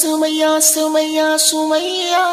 Sumaiya Sumaya Sumaya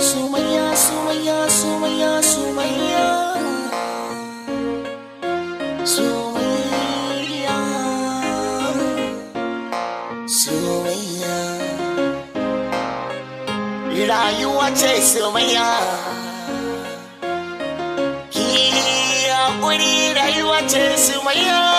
Sumaya, Sumaya, Sumaya, Sumaya. Sumaya. Sumaya. Rayuwa ce Sumaya. Ki hakuri rayuwa ce Sumaya.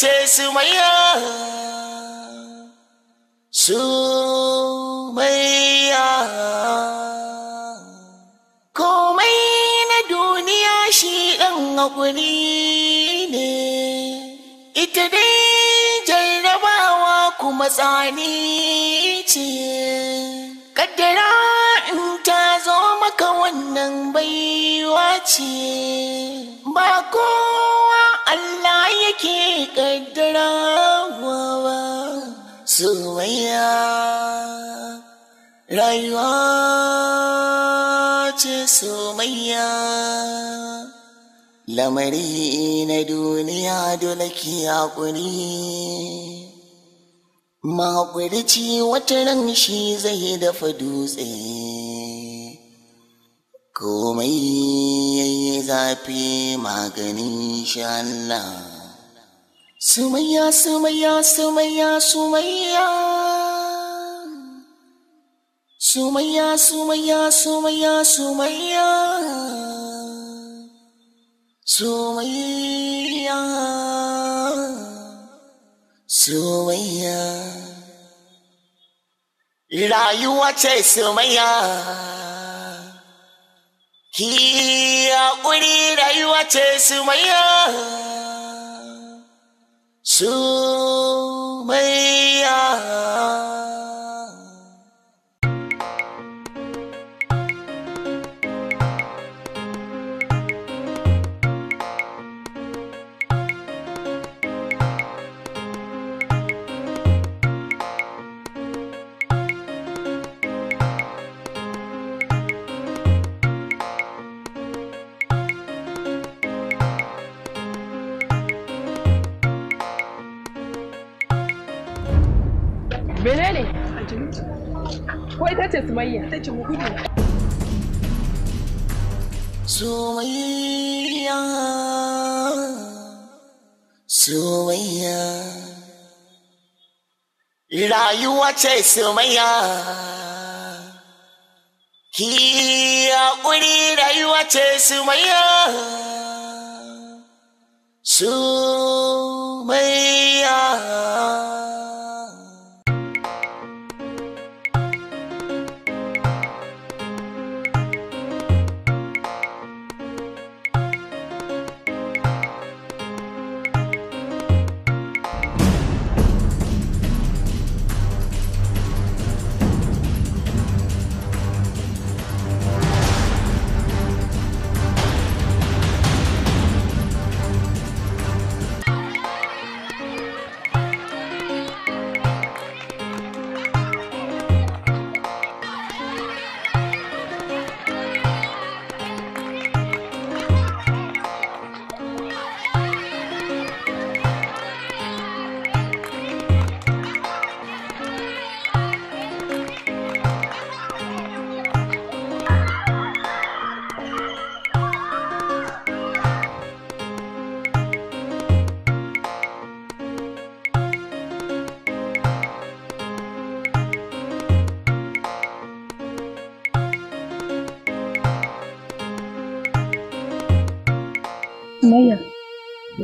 ce su ya su ya komai na duniya shi ɗan haƙuri ne ita dai jarrabawa kuma tsani ce kaddara in ta zo maka wannan baiwa ce ba kowa Allah yake kaddarawa ba soyayya rayuwa ce soyayya lamari na duniya dole ki haƙuri mahaƙurici wata ran shi zai dafa dutse komai yayi zafi maganin shi Allah sumayya sumayya sumayya sumayya sumayya sumayya sumayya sumayya sumayya sumayya rayuwa ce su maya haƙuri rayuwa ce sumaya sumaya. ta ce sumayya ta ce gudu sumayya sumayya rayuwa ce sumayya ki hakuri rayuwa ce sumayya sumayya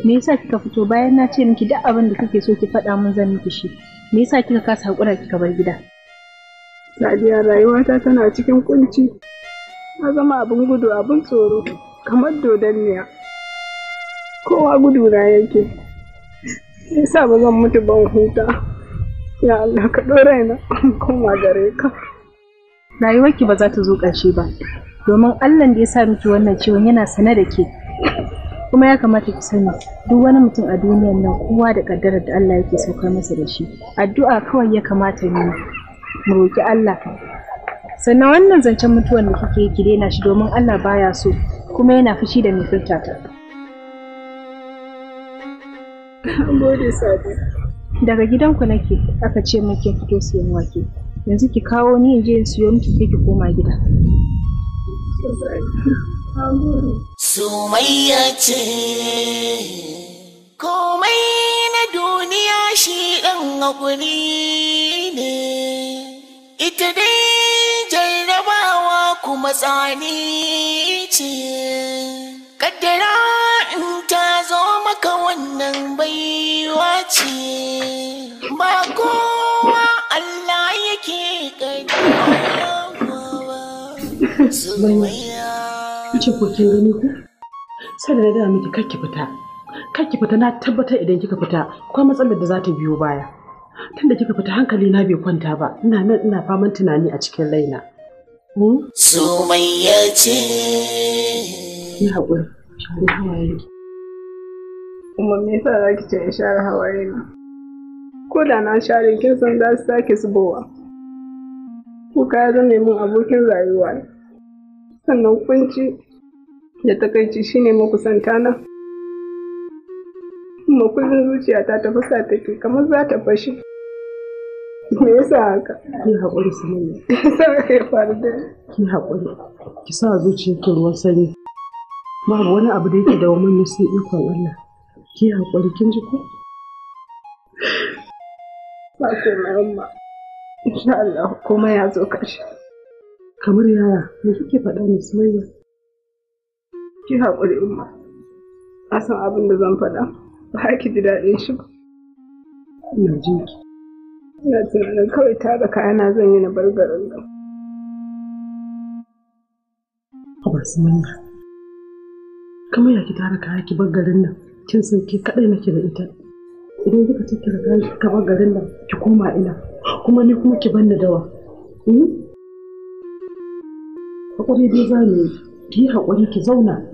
me yasa kika fito bayan na ce miki duk abin da kike so ki faɗa mun zan miki shi me yasa kika kasa hakura kika bar gida Sadiya rayuwata tana cikin kunci na zama abin gudu abin tsoro kamar miya. kowa gudu na yake yasa ba zan mutu ban huta ya Allah ka ɗora na koma gare ka rayuwarki ba za ta zo ƙarshe ba domin Allah da ya sa miki wannan ciwon yana sane da ke kuma ya kamata ki sani duk wani mutum a duniyan nan kowa da kaddarar da Allah yake saukar masa da shi addu'a kawai ya kamata ne mu roki Allah sannan wannan zancen mutuwan da kike ki daina shi domin Allah baya so kuma yana fushi da mai ta daga gidanku nake aka ce min kin fito siyan wake yanzu ki kawo ni in je in siyo miki ki koma gida Sumayya ce komai na duniya shi ɗan haƙuri ne, ita dai jarrabawa kuma tsani ce. ƙaddara in ta zo maka wannan baiwa ce, ba kowa Allah yake ƙaddara ba. Sumayya. ce ko kin gani ku sai da na miki kar ki fita kar ki fita na tabbatar idan kika fita ko matsalar da za ta biyo baya tunda kika fita hankali na bai kwanta ba ina nan ina faman tunani a cikin raina Sumayya hmm? ce. Ki haƙuri, hawaye hawayenki. Umar me yasa za ki ce ya share hawayena? Ko da na share kin san za su sake zubowa. Kuka ya zama min abokin rayuwa. Sannan kunci da takaici shine makusantana. Makullin zuciya kullum zuciyata ta fasa take kamar za ta fashe me yasa haka ki haƙuri su ne sai ka faru da ki haƙuri ki sa zuciya ki ruwan sanyi ba wani abu da yake da wani sai ikon Allah ki haƙuri kin ji ko ba ko mai amma insha Allah komai ya zo kashi kamar yaya me kike faɗa ne sumayya ki haƙuri umma na san abin da zan faɗa ba ki ji daɗin shi ba ina jin ki ina tunanin kawai kaya kayana zan yi na bar garin nan ba su manya kamar ya ki tara kaya ki bar garin nan kin san ki kaɗai nake da ita idan kika tattara kayan ka bar garin nan ki koma ina kuma ni kuma ki banni dawa hmm? Hakuri dai za mu yi ki yi haƙuri ki zauna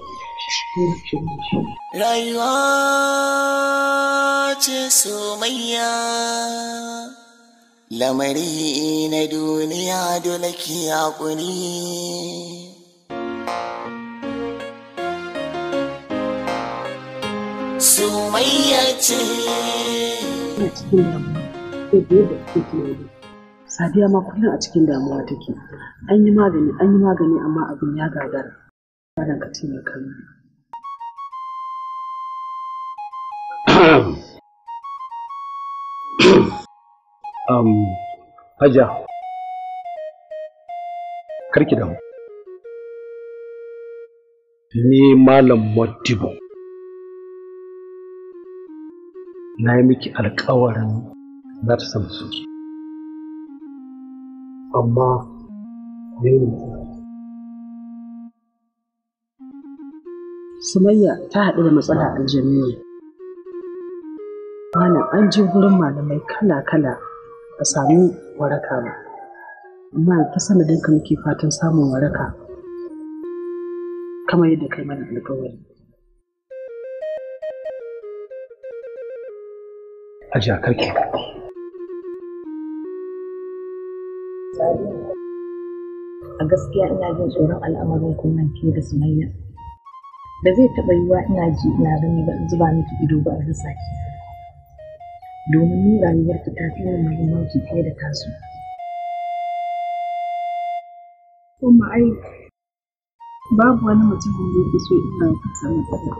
Rayuwa ce somayya, lamari na duniya dole ki haƙuri. Sumayya ce. Ina cikin damuwa, ko da yadda kake tunani. Sadiya ma kullum a cikin damuwa take. An yi magani, an yi magani amma abin ya gagara. ka taimaka mini. um, hajiya karki da ni malam modibo na yi miki alkawarin za ta samu suke amma ne Sumayya ta haɗu da matsala aljanu ne. Malam an ji wurin malamai kala-kala ka sami waraka ba amma ta sanadin ka muke fatan samun waraka kamar yadda kai mana alkawari a jakar ke. a gaskiya ina jin tsoron al'amarin kunan ke da sumayya da zai taɓa yiwa ina ji ina gani ba zuba miki ido ba a rasa domin ni rayuwarki ta fi yin muhimmanci fiye da tasu. Kuma ai babu wani mutum da yake so in ga kansa matsala.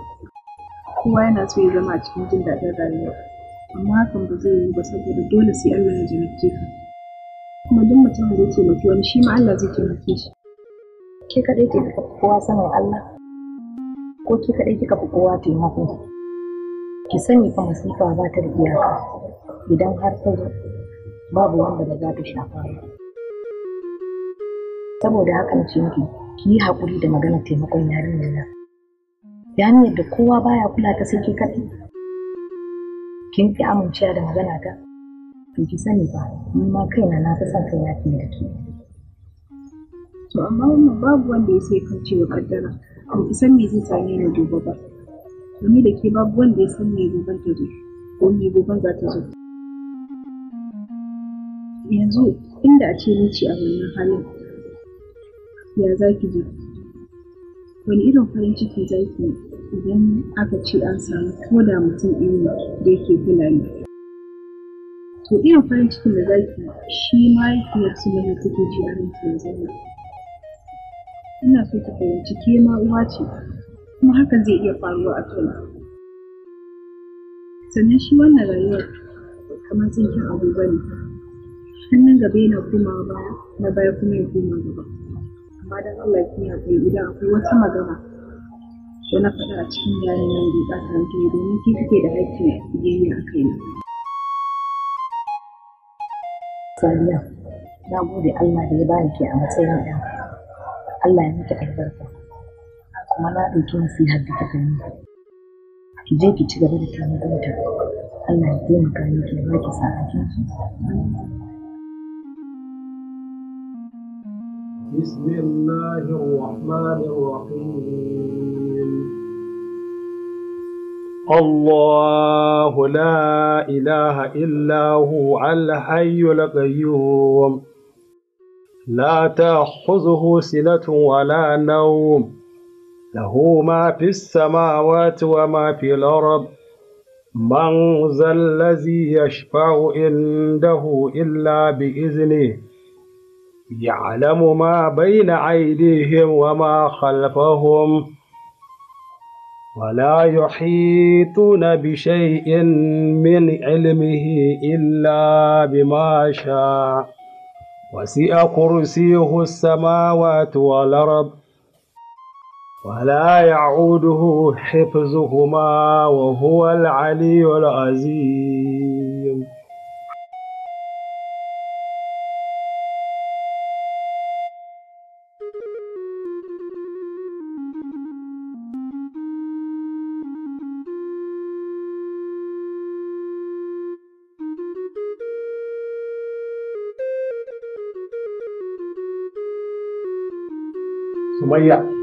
Kowa yana so ya zama a cikin jin daɗin rayuwa, amma hakan ba zai yi ba saboda dole sai Allah ya jarabce ka. Kuma duk mutumin da ya taimaki wani shi ma Allah zai taimake shi. Ke kaɗai ke kowa sanin Allah, ko ke kaɗai kika fi kowa taimako. ki sani fa masifa ba ta da iyaka idan har ta zo babu wanda ba za ta shafa ba saboda haka na ce miki ki yi haƙuri da magana taimakon yarinyar nan ta hanyar da kowa baya kula ta sai ki kaɗai kin fi amincewa da magana ta to ki sani ba ni ma kaina na fi son kai da ke to amma wannan babu wanda ya sai kauce wa kaddara ko ki san me zai same ni gobe ba da da ke babu wanda ya san me goban ta zo ko me goban za ta zo yanzu inda a ce ce a wannan halin ya za ki ji wani irin farin ciki za ki idan aka ce an samu ko da mutum ɗaya da yake fulani to irin farin cikin da zaki shi ma yake su mana take ji a ranki yanzu ina so ki fahimci ke ma uwa ce kuma hakan zai iya faruwa a kai sannan shi wannan rayuwar kamar tsinkin abu ba ne hannun gaba yana komawa baya na baya kuma ya koma gaba amma don allah ki ya kai idan akwai wata magana da na faɗa a cikin yaren nan bai ɓata hankali domin ki kike da haƙƙin biyayya a kai Saniya, na gode Allah da ya bani ke a matsayin ɗan. Allah ya miki albarka. kuma na ɗauki nasihar da ta gani ki je ki ci gaba da tanadanta Allah ya taimaka miki ya baki sa'akin ki بسم الله الرحمن الرحيم الله لا إله إلا هو الحي القيوم لا تأخذه سنة ولا نوم له ما في السماوات وما في الأرض من ذا الذي يشفع عنده إلا بإذنه يعلم ما بين أيديهم وما خلفهم ولا يحيطون بشيء من علمه إلا بما شاء وسئ كرسيه السماوات والأرض ولا يعوده حفظهما وهو العلي العظيم سميه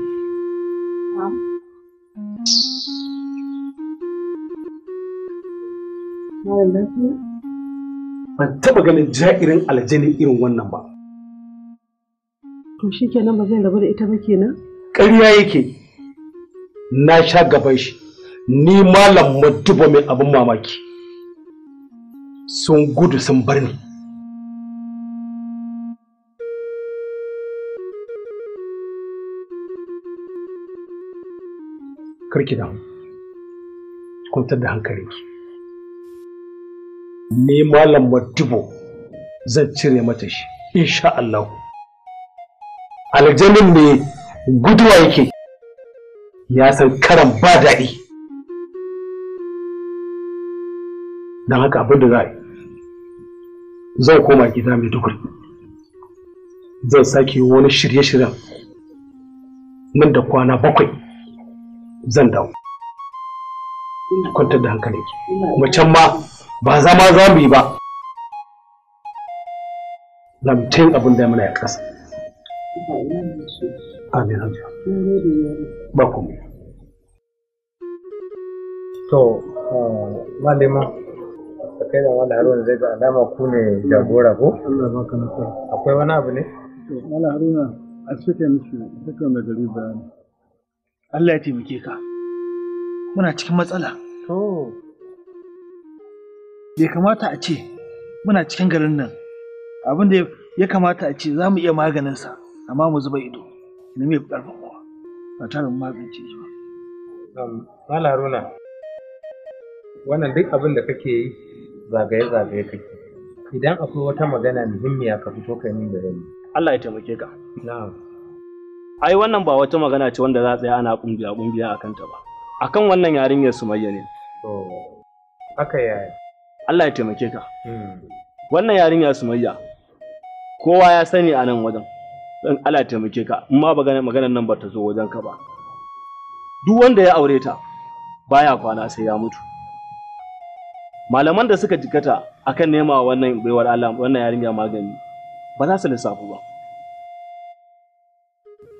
Ban taɓa ganin ja'irin aljani irin wannan ba. To shi kenan ba zai rabu da ita ba kenan? Ƙarya yake, na sha gaban shi, ni malam maduba mai abin mamaki. Sun gudu sun bar ni. karki da kwantar da hankalinki ni malam madubo zan cire mata shi insha Allah aljanin ne guduwa yake ya san karan ba daɗi don haka abin da za a yi zan koma gida mai dukuri zan sake wani shirye-shiryen nan da kwana bakwai zan dawo kwantar da hankali kuma can ma ba zama za mu yi ba na mutum abin da ya muna ya kasa amin hajji ba kuma to eh, malima da kai da wani haruna zai ga alama ku ne jagora ko akwai wani abu ne? to wani haruna a cikin shi duka mai gari bayani Allah ya taimake ka muna cikin matsala to bai kamata a ce muna cikin garin nan abin da ya kamata a ce za mu iya maganinsa amma mu zuba ido Ni mai ƙarfin kowa ba da magance shi ba. Mala Haruna, wannan duk abin da kake yi zagaye-zagaye kake. Idan akwai wata magana muhimmiya ka fito ka yi da rani. Allah ya taimake ka. Na'am. ai wannan ba wata magana ce wanda za a tsaya ana kungiya kungiya akan ta ba akan wannan yarinyar sumayya ne to haka yaya Allah ya taimake ka hmm. wannan yarinya sumayya kowa ya sani a nan wajen dan Allah ya taimake ka in ma magana maganar nan ba ta zo wajen ka ba duk wanda ya aure ta baya kwana sai ya mutu malaman da suka jikata akan nema wannan baiwar Allah wannan yarinya magani ba za su lissafu ba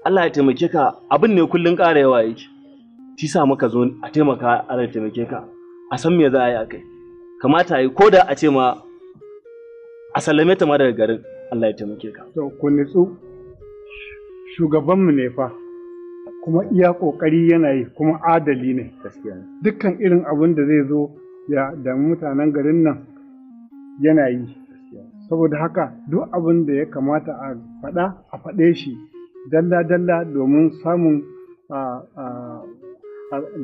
Allah ya taimake ka abin ne kullun ƙara yawa yake shi sa muka zo a taimaka Allah ya taimake ka a san me za a yi akai kamata yi ko da a ce ma a sallame ta ma daga garin Allah ya taimake ka to ku nitsu shugabanmu ne fa kuma iya kokari yana yi kuma adali ne gaskiya dukkan irin abin da zai zo ya da mutanen garin nan yana yi saboda haka duk abin da ya kamata a faɗa a faɗe shi dalla-dalla domin samun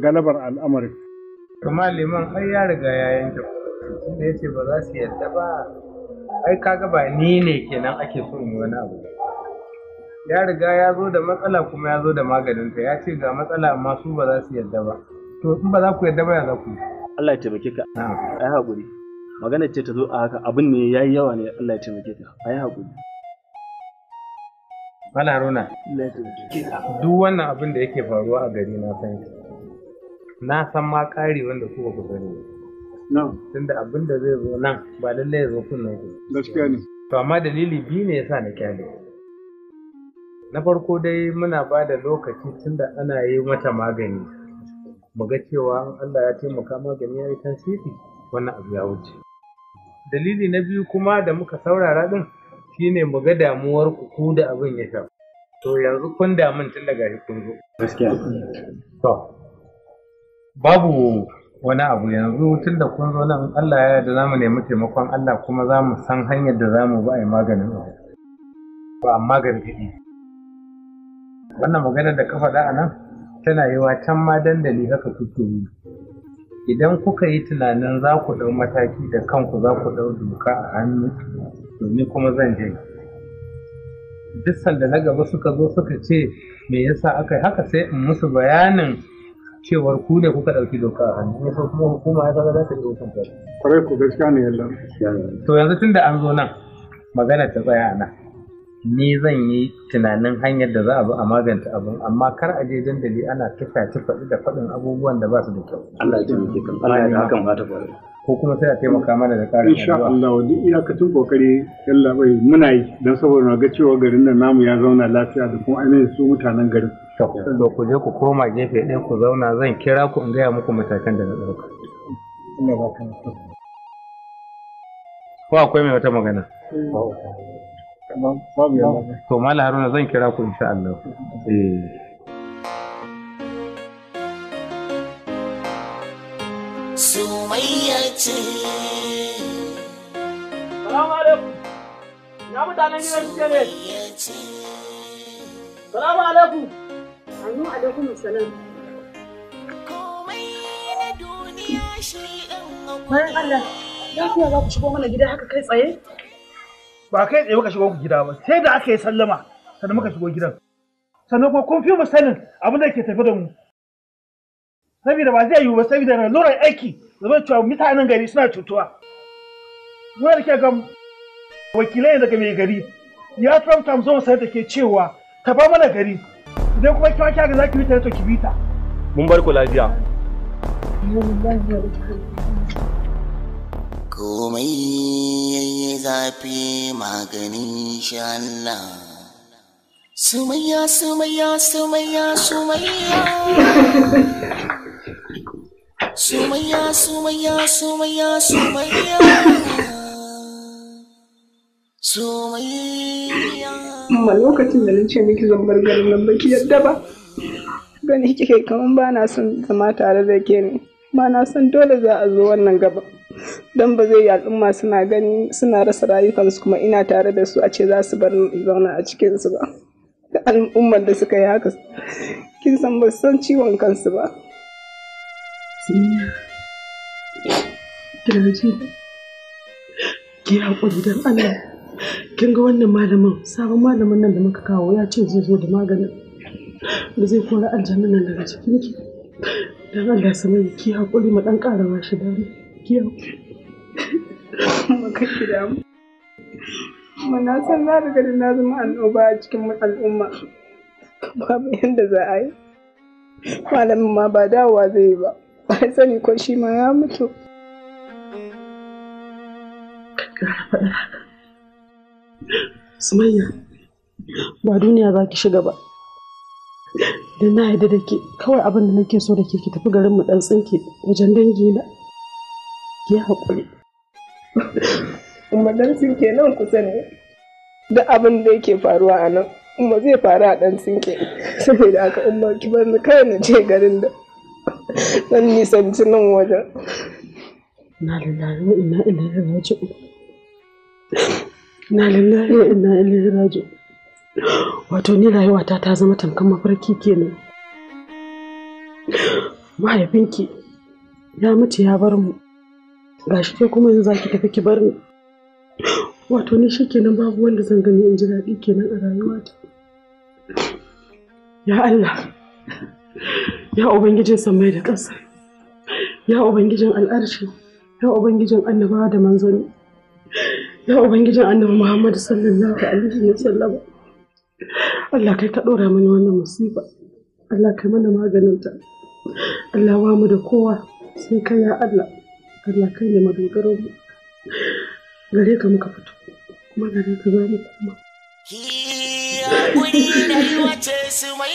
galabar al'amari. Kuma liman ai ya riga ya yanke da ya ce ba za su yadda ba ai kaga ba ni ne kenan ake so in wani abu ya riga ya zo da matsala kuma ya zo da maganinta ya ce ga matsala amma su ba za su yadda ba to in ba za ku yadda ba ya za ku Allah ya taimake ka ai haƙuri magana ce ta zo a haka abin ne yayi yawa ne Allah ya taimake ka ai haƙuri Mala Runa, duk wannan abin da yake faruwa a gari na san shi. Na san ma ƙari wanda kuka ku sani. Tunda abin da zai zo nan ba lallai ya zo kunnen ku. Gaskiya ne. To amma dalili biyu ne yasa na kyale. Na farko dai muna ba da lokaci tunda ana yi mata magani. Mu ga cewa Allah ya taimaka magani ya yi tasiri wannan abu ya wuce. Dalili na biyu kuma da muka saurara din shine mu ga damuwar ku ku da abin ya sha? to yanzu kun damun tun daga shi kun zo gaskiya to babu wani abu yanzu tun da kun zo nan Allah ya yarda zamu nemi taimakon Allah kuma za mu san hanyar da zamu bi a yi maganin ba amma gargaɗi wannan maganar da ka faɗa a nan tana yiwa can ma dandali haka kuke yi idan kuka yi tunanin za ku ɗau mataki da kanku za ku ɗau doka a hannu to ni kuma zan je duk sanda na gaba suka zo suka ce me yasa aka haka sai in musu bayanin cewar ku ne kuka ɗauki doka a hannu ne sai kuma hukuma ya kaga za ta yi dokan ta kwarai ku gaskiya ne yalla to yanzu tunda an zo nan magana ta tsaya nan ni zan yi tunanin hanyar da za a bi a maganta abin amma kar a je dandali ana tufa faɗi da faɗin abubuwan da ba su da kyau Allah ya taimake kan Allah ya hakan ba ta faru ko kuma sai a taimaka mana da ƙarin insha Allah duk iyakacin kokari yalla bai muna yi don saboda ga cewa garin nan namu ya zauna lafiya da kuma ainihin su mutanen garin to ku je ku koma gefe ɗaya ku zauna zan kira ku in gaya muku matakan da na ɗauka ko akwai mai wata magana to mala haruna zan kira ku insha Allah eh sumayya ce salamu alaikum na mutanen gidan suke ne salamu alaikum annu alaikum salam bayan Allah lafiya za ku shigo mana gida haka kai tsaye ba kai tsaye muka shigo ku gida ba sai da aka yi sallama sannan muka shigo gidan sannan kuma kun fi mu sanin abin da ke tafi da mu saboda ba zai yiwu ba saboda na lura aiki zama cewa mutanen gari suna cutuwa wani ke ga wakilai daga mai gari ya tramta mu zama sayar da ke cewa ta ba mana gari idan kuma kyawa kyawa ga zaki bita ya ki bita mun bar ku lafiya komai yayi zafi maganin shi Allah sumaya sumaya sumaya sumaya sumaya lokacin da nace miki zan garin nan baki yadda ba. Gani kike kaman ba na son zama tare da ke ne. Ba na son dole za a zo wannan gaba. Don ba zai yi al'umma suna gani suna rasa rayukansu kuma ina tare da su a ce za su bar zauna a cikinsu ba. Da al'ummar da suka yi haka kin san ba san ciwon kansu ba. Siniya, kina ji ki haƙuri don Allah. Kin ga wannan malamin, sabon malamin nan da muka kawo ya ce zai zo da maganin da zai kora aljanu nan daga cikin ki. Don Allah ki haƙuri mu ɗan shi ki haƙuri. san na riga da na zama annoba a cikin al'umma. Babu yadda za a yi. Malamin ma ba dawowa zai yi ba. ba sani ko shi ma ya mutu sumayya ba duniya za ki shiga ba da na yarda da ke kawai abin da nake so da ke ki tafi garinmu ɗan tsinke wajen dangi na ki haƙuri kuma ɗan tsinke nan kusa ne da abin da yake faruwa a nan umar zai faru a ɗan tsinke saboda haka umma ki bar ni kai na je garin da dan nisanci nan waje. na lallai wa ina ina raji'un na lillahi ina ina ina raji'un wato ni rayuwata ta zama tamkar mafarki kenan mahaifinki ya mutu ya bar mu gashi ke kuma yanzu zaki tafi ki bar ni wato ni shikenan babu wanda zan gani in ji daɗi kenan a rayuwata ya Allah ya ubangijin sammai da ƙasa ya ubangijin al'arshi ya ubangijin annabawa da manzoni ya ubangijin annaba muhammadu sallallahu alaihi wa sallama Allah kai ka ɗora mana wannan musiba Allah kai mana maganinta Allah wa mu da kowa sai kai ya Allah Allah kai ne madogaro mu gare ka muka fito kuma gare ka za mu koma. Ya kuri da yi wace su mai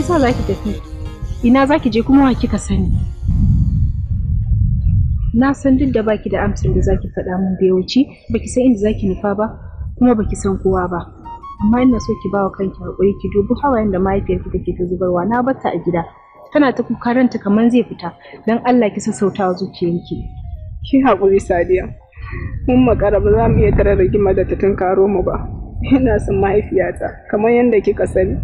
yasa zaki tafi ina zaki je kuma wa kika sani na san duk da baki da amsar da zaki faɗa mun bai wuce baki san inda zaki nufa ba kuma baki san kowa ba amma ina so ki bawa kanki hakuri ki dubi hawayen da mahaifiyarki take ta zubarwa na batta a gida tana ta kuka ranta kamar zai fita dan Allah ki sassautawa zuciyarki ki hakuri sadiya mun makara ba za mu iya tarar rigima da ta tunkaro mu ba ina son mahaifiyata kamar yadda kika sani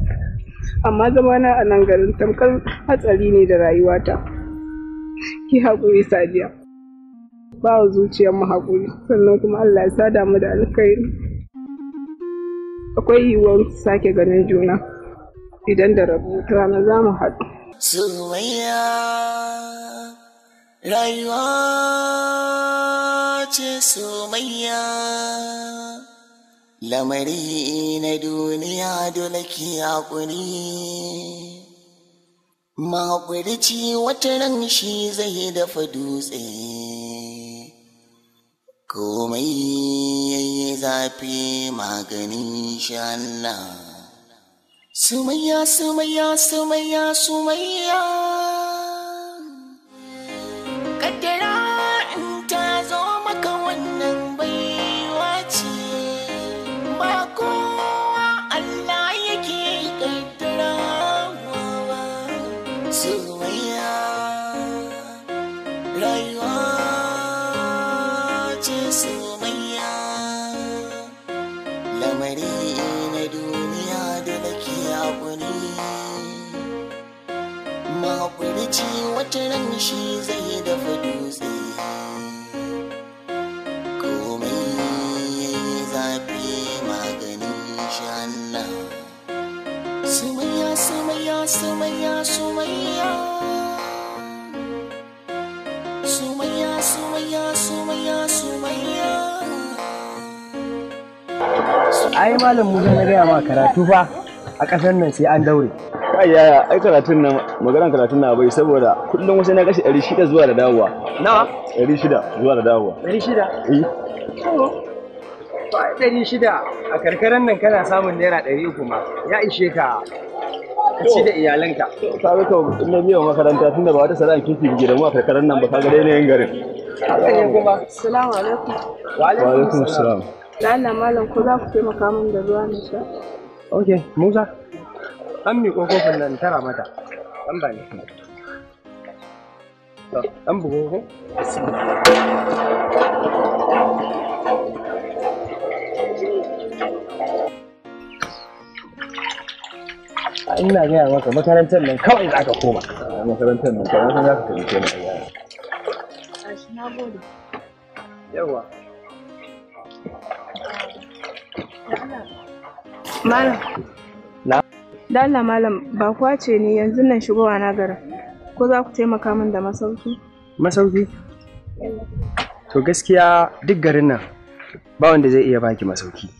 amma na a nan garin tamkar hatsari ne da rayuwata ki haƙuri sadiya ba wa zuciyar mu haƙuri sannan kuma allah ya sada mu da alkhairi akwai yiwuwar sake ganin juna idan da rabu ta rana za mu haɗu soyayya rayuwa ce soyayya lamari na duniya dole ki haƙuri mahaƙurici wata ran shi zai dafa dutse komai yayi zafi maganin shi Allah sumayya sumayya sumayya sumayya sumayya sumayya sumayya sumayya sumayya sumayya ai malam musa na gaya ma karatu fa a ƙasar nan sai an daure kai yaya ai karatun nan maganar karatun nan bai saboda kullum wasu na kashi 600 zuwa da dawowa nawa 600 zuwa da dawowa 600 eh ɗari shida a karkarar nan kana samun naira ɗari uku ma ya ishe ka ka ci da iyalanka ka ga ka na biyan makaranta tunda ba wata sana'a kifi gida mu a karkarar nan ba ka ga yanayin garin Salamu alaikum wa alaikum assalam lalla malam ko za ku taimaka min da ruwa na sha ok musa an miƙo kofin nan tara mata an ba ni an bugo ko ina gaya maka makarantar nan kawai za ka koma ah, makarantar nan kawai za ka taimake mu na gode yawa malam na dalla malam ba kuwa ce ne yanzu nan shigowa na garin ko za ku taimaka min da masauki masauki to gaskiya duk garin nan ba wanda zai iya baki masauki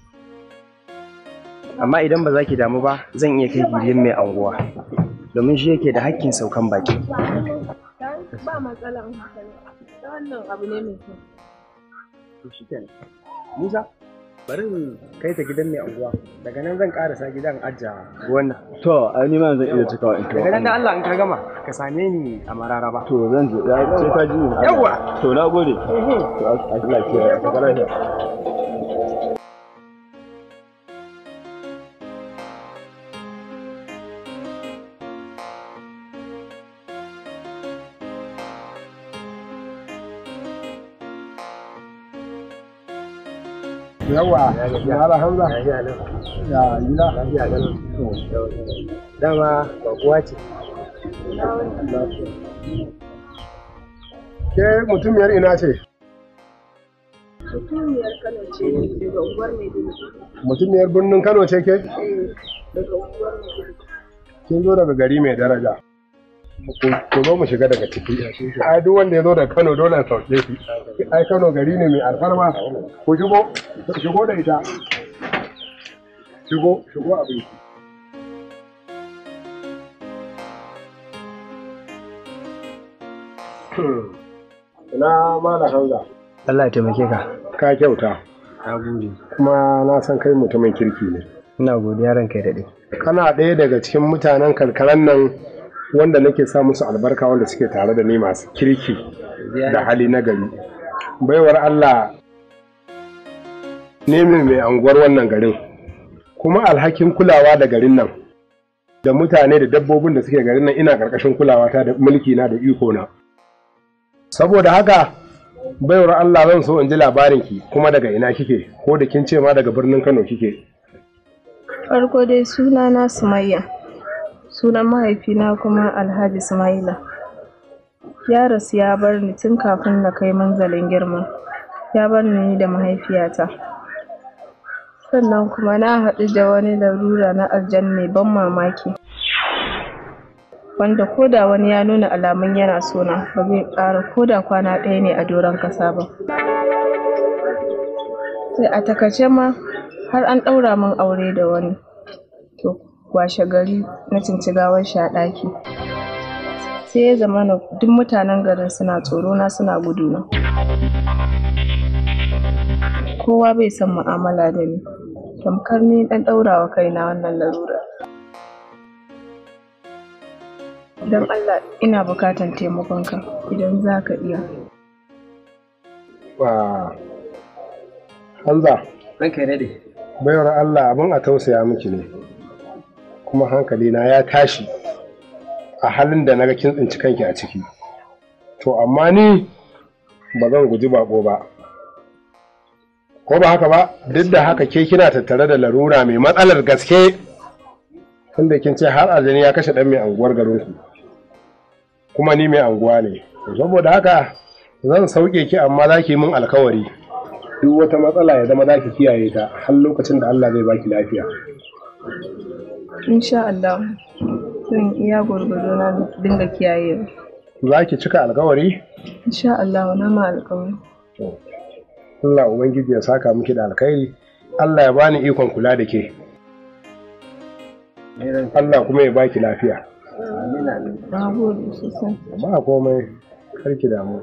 amma idan ba za ki damu ba zan iya kai gidan mai anguwa domin shi yake da hakkin saukan baki ba matsala wannan abu ne mai kyau to shi kenan musa bari in kai ta gidan mai anguwa daga nan zan karasa gidan ajja wannan to a ni ma zan iya cikawa in to daga nan Allah in ka gama ka same ni a marara ba to zan je sai ka ji ni yawa to na gode to a ya kiyaye ka yawa ba hamza ya dama ba ce ke mutumiyar ina ce mutumiyar kano ce daga unguwar maiduguri birnin kano ce ke eh, daga unguwar maiduguri kin zo daga gari mai daraja ku zo mu shiga daga ciki ai duk wanda ya zo da Kano dole sauke shi ai Kano gari ne mai alfarma ku shigo shigo da ita shigo shigo a abinci Na Mala Hamza. Allah ya taimake ka. Ka kyauta. Na gode. Kuma na san kai mutumin kirki ne. Ina godiya ranka ya daɗe. Kana ɗaya daga cikin mutanen karkaran nan wanda nake sa musu albarka wanda suke tare da ni masu kirki da hali na gari baiwar allah ne mai anguwar wannan garin kuma alhakin kulawa da garin nan da mutane da dabbobin da suke garin nan ina karkashin kulawa ta da mulki na da iko na saboda haka baiwar allah zan so in ji labarin ki, kuma daga ina kike ko da kin ce ma daga birnin kano kike farko dai sunana sumayya Sunan mahaifina kuma Alhaji Sumaila. Ya rasu ya bar ni tun kafin na kai manzalin girma. Ya bar ni da mahaifiyata. Sannan kuma na haɗu da wani larura na aljan mai ban mamaki. Wanda koda wani ya nuna alamun yana sona ba zai ƙara koda kwana ɗaya ne a doron kasa ba. Sai a takashe ma har an ɗaura min aure da wani. washe gari na tsinci gawar shi a ɗaki sai ya zama duk mutanen garin suna tsoro na suna guduna kowa bai san mu'amala da ni tamkar ni ɗan ɗaurawa kaina wannan larura don allah ina bukatan taimakonka idan za ka iya Hamza. Ranka ne dai. Bayar Allah abin a tausaya miki ne. kuma hankali na ya tashi a halin da na ga kin tsinci kanki a ciki to amma ni ba zan guji bako ba ko ba haka ba duk da haka ke kina tattare da larura mai matsalar gaske tunda kin ce har aljani ya kashe dan mai anguwar garinku kuma ni mai anguwa ne saboda haka zan sauke ki amma za ki min alkawari duk wata matsala ya zama za ki kiyaye ta har lokacin da Allah zai baki lafiya insha Allah zan iya gwargwado na dinga kiyaye za ki cika alkawari insha Allah na ma alkawari Allah ubangiji ya saka miki da alkhairi Allah ya bani ikon kula da ke Allah kuma ya baki lafiya Amina. Ba komai, karki damu.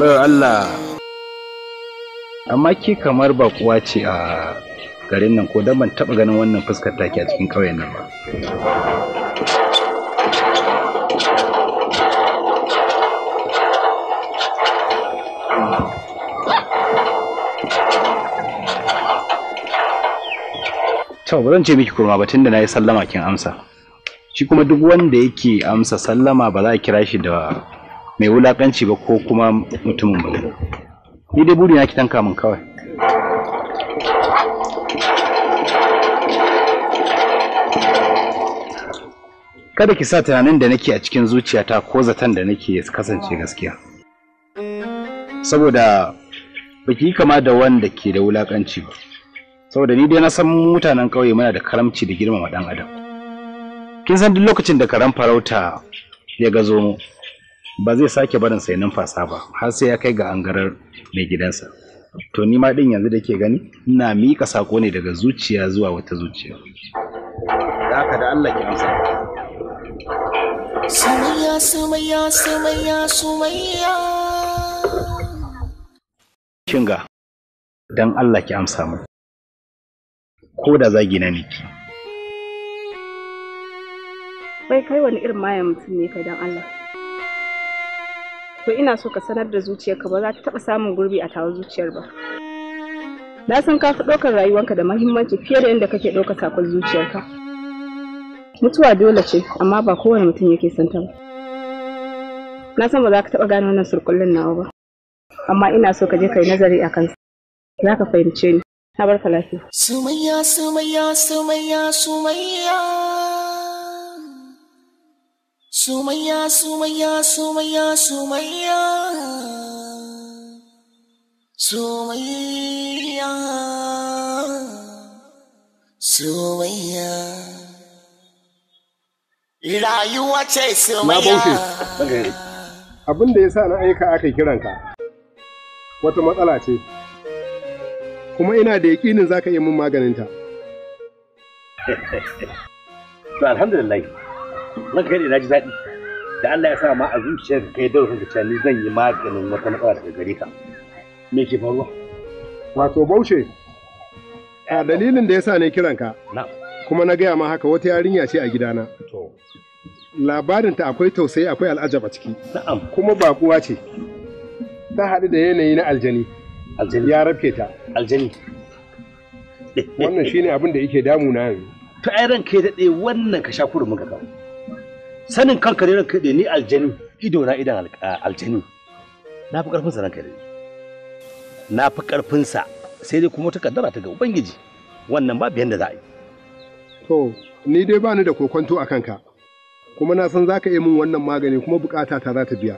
baiwa Allah amma ke kamar bakuwa ce a garin nan ko don ban taɓa ganin wannan fuskar take a cikin ƙauyen nan ba Tau, ba zan ce miki kurma ba tunda na yi sallama kin amsa. Shi kuma duk wanda yake amsa sallama ba za a kira shi da mai wulakanci ba ko kuma mutumin ba ni dai na ki tanka min kawai kada ki sa tunanin da nake a cikin zuciyata ko zaton da nake kasance gaskiya saboda ba ki kama da wanda ke da wulakanci ba saboda ni dai na san mutanen ƙauye muna da karamci da girmama ɗan adam kin san duk lokacin da karan farauta ya gazo mu ba zai sake barin sai numfasa ba har sai ya kai ga angarar mai gidansa to ni ma din yanzu da ke gani ina miƙa sako ne daga zuciya zuwa wata zuciya da haka da Allah ki amsa sumayya sumayya sumayya sumayya kinga dan Allah ki amsa mu ko da zagi na niki bai kai wani irin mayan mutum ne kai dan Allah to ina so ka sanar da zuciyarka ba za ta taɓa samun gurbi a tawa zuciyar ba na san ka fi ɗaukar rayuwarka da mahimmanci fiye da yadda kake ɗauka sakon zuciyarka mutuwa dole ce amma ba kowane mutum yake son ta ba na san ba za ka taba gane wannan surkullin nawa ba amma ina so ka je ka yi nazari a kansa za ka fahimce ni na barka lafiya sumayya sumayya sumayya sumayya Sumayya, Sumayya, Sumayya, Sumayya. Sumayya. Sumayya. Rayuwa ce Sumayya. Abin da ya sa na aika aka kiranka wata matsala ce, kuma ina da yakinin za ka iya mun maganinta. Alhamdulillah. nan kai na ji daɗi da Allah ya sa ma a zuciyar kai da rufe cewa ni zan yi maganin wata matsala daga gare ka me ke faruwa wato baushe a dalilin da ni ne kiranka kuma na gaya ma haka wata yarinya ce a gidana labarinta akwai tausayi akwai al'ajab a ciki kuma bakuwa ce ta haɗu da yanayi na aljani aljani ya rafke ta aljani wannan shine abin da yake damuna yanzu to ai ranka ya daɗe wannan ka sha kurumin ka kawo sanin kanka ne ranka ni aljanu ido na idan aljanu na fi karfin sa ranka ne na fi karfin sa sai dai kuma ta kaddara ta ga ubangiji wannan ba biyan da za a yi to ni dai bani da kokonto a kanka kuma na san zaka yi min wannan magani kuma bukata ta za ta biya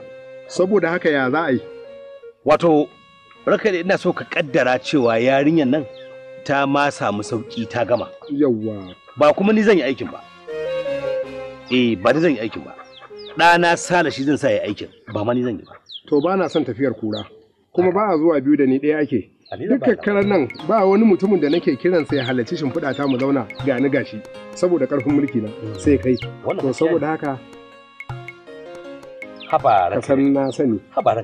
saboda haka ya za a yi wato ranka ne ina so ka kaddara cewa yarinyar nan ta ma samu sauki ta gama yawwa ba kuma ni zan yi aikin ba eh ba ni zan yi aikin ba ɗana sala shi zan sa ya aikin ba ma ni zan yi ba to ba na son tafiyar kura kuma ba a zuwa biyu da ni ɗaya ake duk karan nan ba wani mutumin da nake kiran sai halarci shimfiɗa ta mu zauna ni gashi saboda ƙarfin mulki na hmm. sai kai to saboda haka habara kasan na sani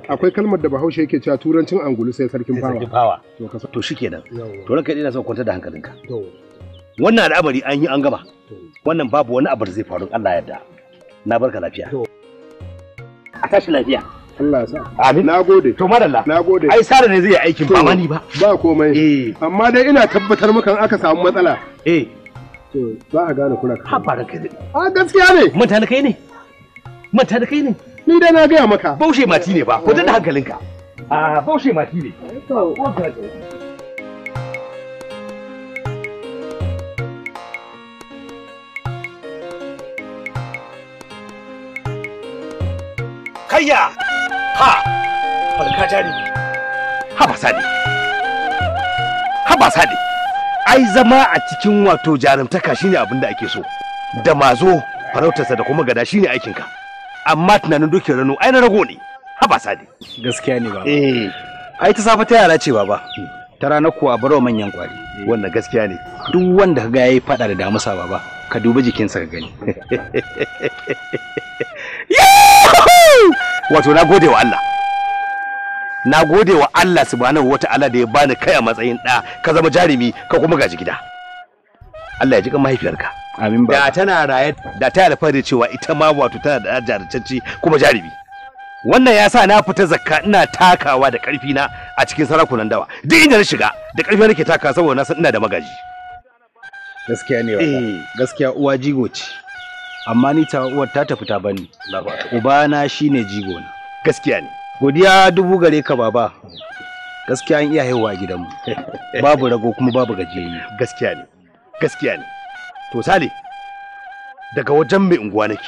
akwai kalmar da bahaushe yake cewa turancin angulu sai sarkin fawa to shikenan to ranka ina son kwanta da hankalinka wannan al'amari an yi an gama wannan babu wani abu da zai faru Allah yarda na barka lafiya a tashi lafiya Allah sa amin nagode to madalla nagode ai sare ne zai yi aikin ba mani ba ba komai eh amma dai ina tabbatar maka aka samu matsala eh to za a gane kuna ka ba da kai a gaskiya ne mutane kai ne mutane kai ne ni dai na ga maka baushe mati ne ba ko eh. da hankalinka a baushe mati ne to ayya ha falka jarumi ha ba ha ai zama a cikin wato jarumtaka shine abin da ake so da mazo farautarsa da kuma gada shine aikinka amma tunanin dukiyar rano ai na rago ne ha sadi gaskiya ne baba eh ai ta safa ta yara ce baba ta rana kuwa baro manyan kwari eh. wannan gaskiya ne duk wanda ka ga yayi fada da damusa baba ka duba jikinsa ka gani yeah! wato na gode wa Allah na gode wa Allah subhanahu ta'ala da ya bani kai a matsayin ɗa ka zama jarumi ka kuma gaji gida Allah ya ji kan mahaifiyarka amin ba da tana raye da ta cewa ita ma wato tana da jarumci kuma jarumi wannan ya sa na fita zakka ina takawa da karfi na a cikin sarakunan dawa duk inda na shiga da karfi nake takawa saboda na san ina da magaji gaskiya ne eh. gaskiya uwa jigo ce amma ni ta uwar ta tafi ta bani ubana shine jigo na gaskiya ne godiya dubu gare ka baba gaskiya an iya haihuwa gidanmu babu rago kuma babu gajiyayi gaskiya ne gaskiya ne to sale daga wajen mai unguwa nake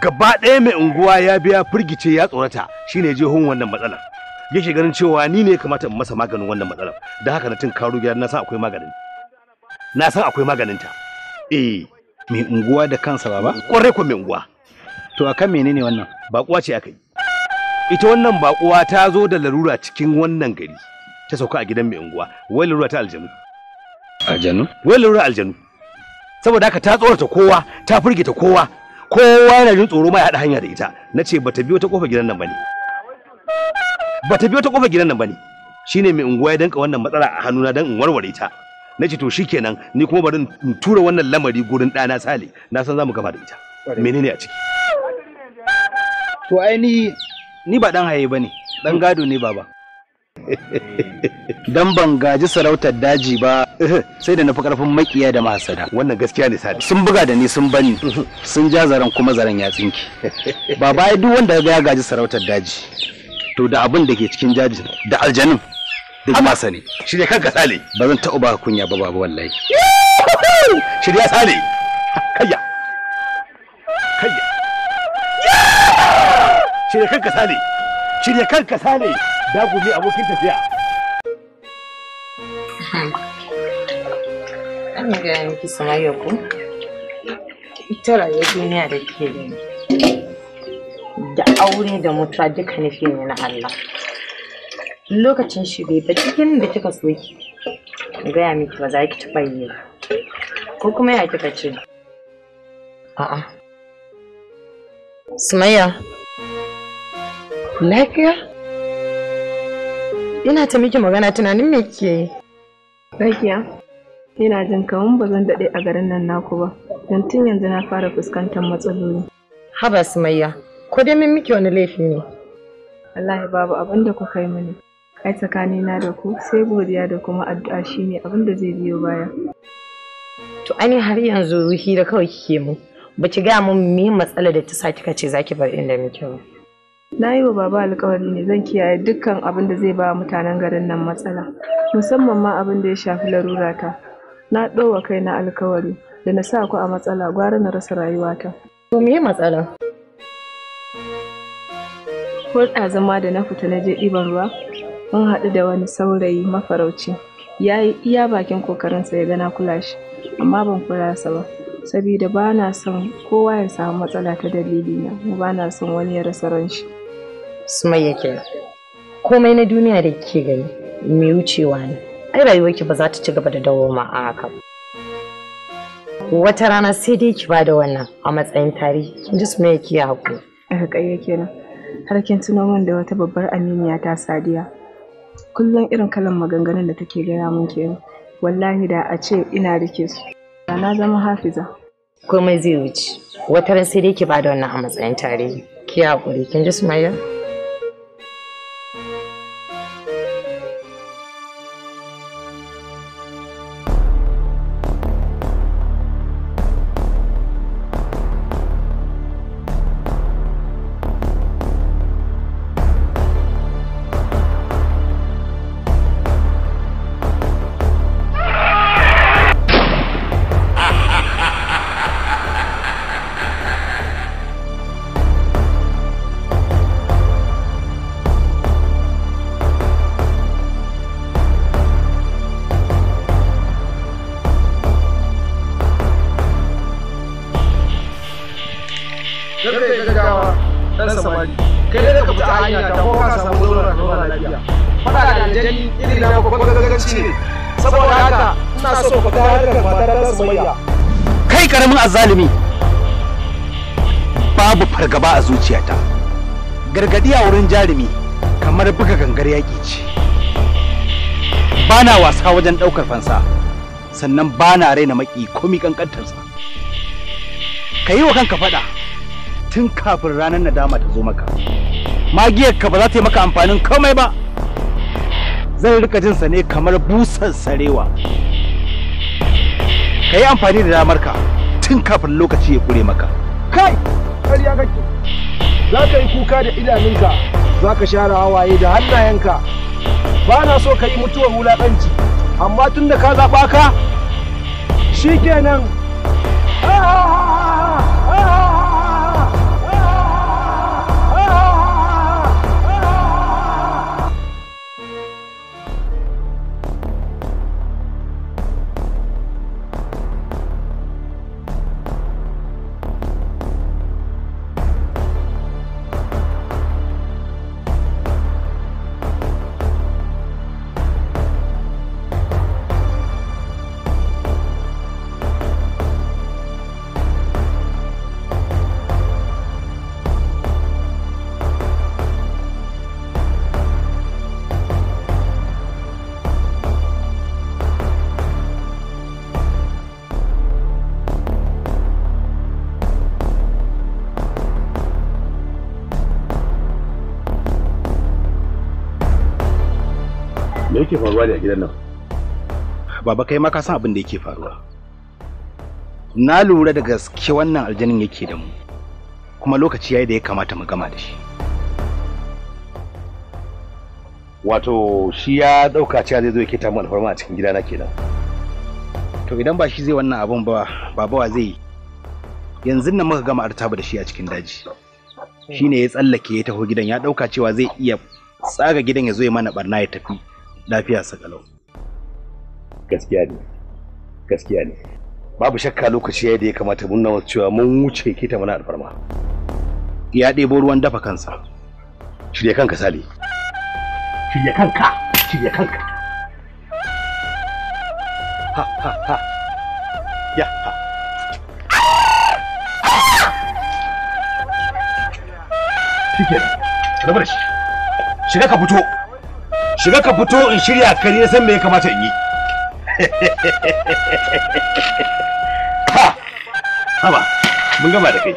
gaba ɗaya mai unguwa ya biya firgice ya tsorata shine hun wannan matsalar yake ganin cewa ni ne kamata in masa maganin wannan matsalar da haka na tun karo gyara na san akwai maganin na san akwai maganin ta eh mai unguwa da kansa ba ba kwarai ko mai unguwa to kan menene wannan bakuwa ce aka yi ita wannan bakuwa ta zo da larura cikin wannan gari ta sauka a gidan mai unguwa wai larura ta aljanu aljanu wai larura aljanu saboda haka ta tsorata kowa ta firgita kowa kowa yana jin tsoro ma ya haɗa hanya da ita na ce bata biyo ta kofar gidan nan bane bata biyo ta kofar gidan nan bane shine mai unguwa ya danka wannan matsala a hannuna dan in warware ta na ce to shikenan ni kuma bari in tura wannan lamari gurin ɗana sale na san za mu gama da ita menene a ciki to ai ni ni ba dan haye bane dan gado ne baba dan ban gaji sarautar daji ba sai da fi karfin makiya da masada wannan gaskiya ne sadi sun buga da ni sun bani sun ja zaren kuma zaren ya tsinki baba ai duk wanda ya gaji sarautar daji to da abin da ke cikin jaji da aljanin amma sani shirya kanka sale ba zan taɓa ba kunya ba babu wallahi shirya sale kayya kayya shirya kanka sale shirya kanka sale dagumi abokin tafiya an ga miki sanayya ku ita rayuwar duniya da ke da aure da mutuwa duka nufi ne na Allah lokacin shi bai ba cikin da kika so ki gaya miki ba za ki taɓa yi ba ko kuma ya kika ce a'a sumayya lafiya ina ta miki magana tunanin me kike yi lafiya ina jin kamar ba zan daɗe a garin nan naku ba don tun yanzu na fara fuskantar matsaloli haba sumayya ko dai min miki wani laifi ne ya babu abin da kuka yi mini Ai tsakanina da ku sai godiya da kuma addu'a shine abin da zai biyo baya. To ani har yanzu ruhi da kawai kike mu. Ba ki gaya mun me matsala da ta sa kika ce zaki bar inda muke ba. Na yi wa baba alkawari ne zan kiyaye dukkan abin da zai ba mutanen garin nan matsala. Musamman ma abin da ya shafi larurata. Na ɗowa na alkawari da na sa ku a matsala gwara na rasa rayuwata. To me matsala? Ko zama da na fita na je ɗiban ruwa mun haɗu da wani saurayi mafarauci ya yi iya bakin kokarinsa ya gana kula shi amma ban kula sa ba saboda ba na son kowa ya samu matsala ta dalili na ba na son wani ya rasa ran shi sumayya kenan komai na duniya da ke gani mai wucewa ne ai ki ba za ta ci gaba da dawoma a haka wata rana sai dai ki ba da wannan a matsayin tarihi kin ji sumayya ya haƙuri a kenan har kin tuno min da wata babbar aminiya ta sadiya kullum irin kalan maganganun da take gaya mun ke wallahi da a ce ina rike su na zama hafiza komai zai wuce wata ran sai dai ki bada wannan a matsayin tarihi ki hakuri kin ji sumayya wurin jarumi kamar buga gangar yaki ce bana wasa wajen ɗaukar fansa sannan bana raina maki komi kankantarsa ka yi wa kanka faɗa tun kafin ranar nadama ta zo maka magiyarka ba za ta yi maka amfanin komai ba zan rika jin sa ne kamar busan sarewa ka yi amfani da damarka tun kafin lokaci ya kure maka kai Kariya kake za ka yi kuka da idanunka za ka share hawaye da hannayenka ba na so ka yi mutuwar wulaƙanci amma tun da ka zaɓa ka shi kenan ah, ah, ah, yake faruwa ne a gidan nan baba kai ma ka san abin da yake faruwa na lura da gaske wannan aljanin yake da mu kuma lokaci yayi da ya kamata mu gama da shi wato shi ya dauka cewa zai zo ya keta mu alfarma a cikin gidana kenan to idan ba shi zai wannan abun ba baba wa zai yanzu nan muka gama artaba da shi a cikin daji shi ne ya tsallake ya taho gidan ya dauka cewa zai iya tsaga gidan ya zo ya mana barna ya tafi lafiya sakalau gaskiya ne gaskiya ne babu shakka lokaci ya da ya kamata mun nawa cewa mun wuce kita mana alfarma ya ɗebo ruwan dafa kansa shirya kanka sale shirya kanka shirya kanka ha ha ha ya ha shi ke rabar shi shiga ka fito shiga ka fito in shirya ka ne san me ya kamata in yi ha haba mun gama da kai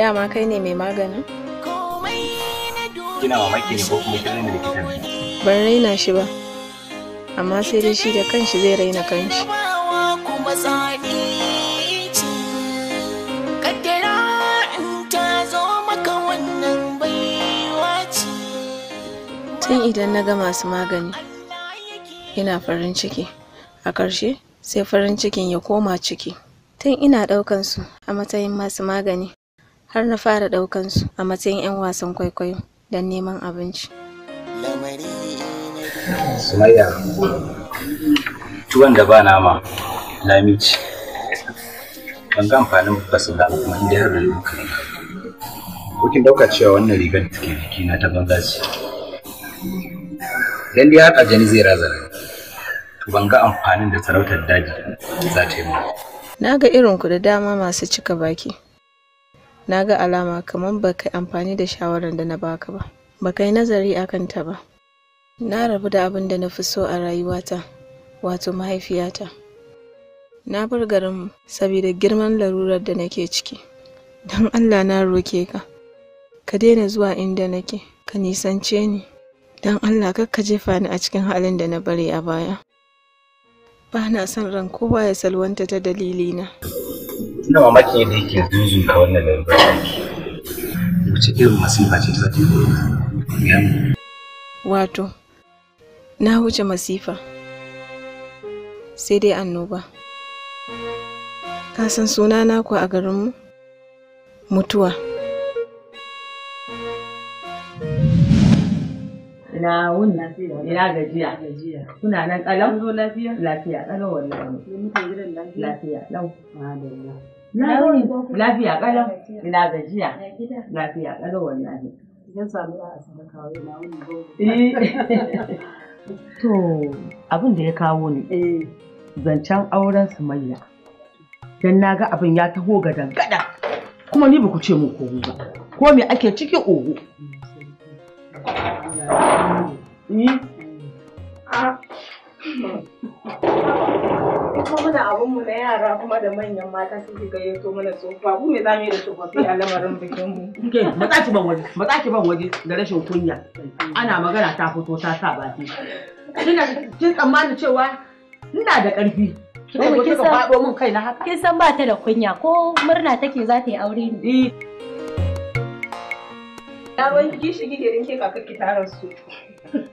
dama kai ne mai maganin? kina mamaki ne ko kuma kiran da likitan ban raina shi ba amma sai dai shi da kanshi zai raina kanshi sai idan na ga masu magani ina farin ciki a ƙarshe sai farin cikin ya koma ciki tun ina ɗaukan su a matsayin masu magani har na fara ɗaukan su a matsayin 'yan wasan kwaikwayo don neman abinci sumayya tuwon da ba nama lamici ban ga amfanin basu da kuma inda har da dauka cewa wannan rigar da take jikina ta banza dan dai har ajani zai razana ban ga amfanin da sarautar daji za ta yi mu na ga irin ku da dama masu cika baki na ga alama kamar ba kai amfani da shawarar da na baka ba ba yi nazari akan ta ba na rabu da abin da na fi so a rayuwata wato mahaifiyata na bar garinmu saboda girman larurar da nake ciki don allah na roke ka ka daina zuwa inda nake ka nisance ni don Allah kakka jefa ni a cikin halin da na bari a baya. Ba na son ran kowa ya salwanta ta dalilina. Ina mamaki da yake zuzun da wannan labarin. Wace irin masifa ce ta ce Wato, na wuce masifa. Sai dai annoba. Ka san sunana ku a garinmu? Mutuwa. na wunna. Ina gajiya. Gajiya. Kuna nan kalau? Kun zo lafiya? Lafiya kalau wallahi. Mun muke lafiya. Lafiya Na wuni lafiya kalau. Ina gajiya. Lafiya kalau wallahi. Zan samu a asibi kawo ina wuni eh. To abin da ya kawo ni. Eh. Zancen auren Sumayya. Dan na ga abin ya taho ga dangada. Kuma ni ba ku ce mu kogo ba. Ko me ake ciki ogo? Mm, Kuma muna abinmu na yara kuma da manyan mata suke gayyato mana tsofa. Mu me za da tsofaffi a lamarin bikinmu? Ke, ban waje, da rashin kunya. Ana magana ta fito ta sa kin tsammanin cewa ina da ƙarfi. ko Kin san ba da kunya ko murna take za yi aure ne. Eh. Yaron kishi gigirin ke kakakki tarar su.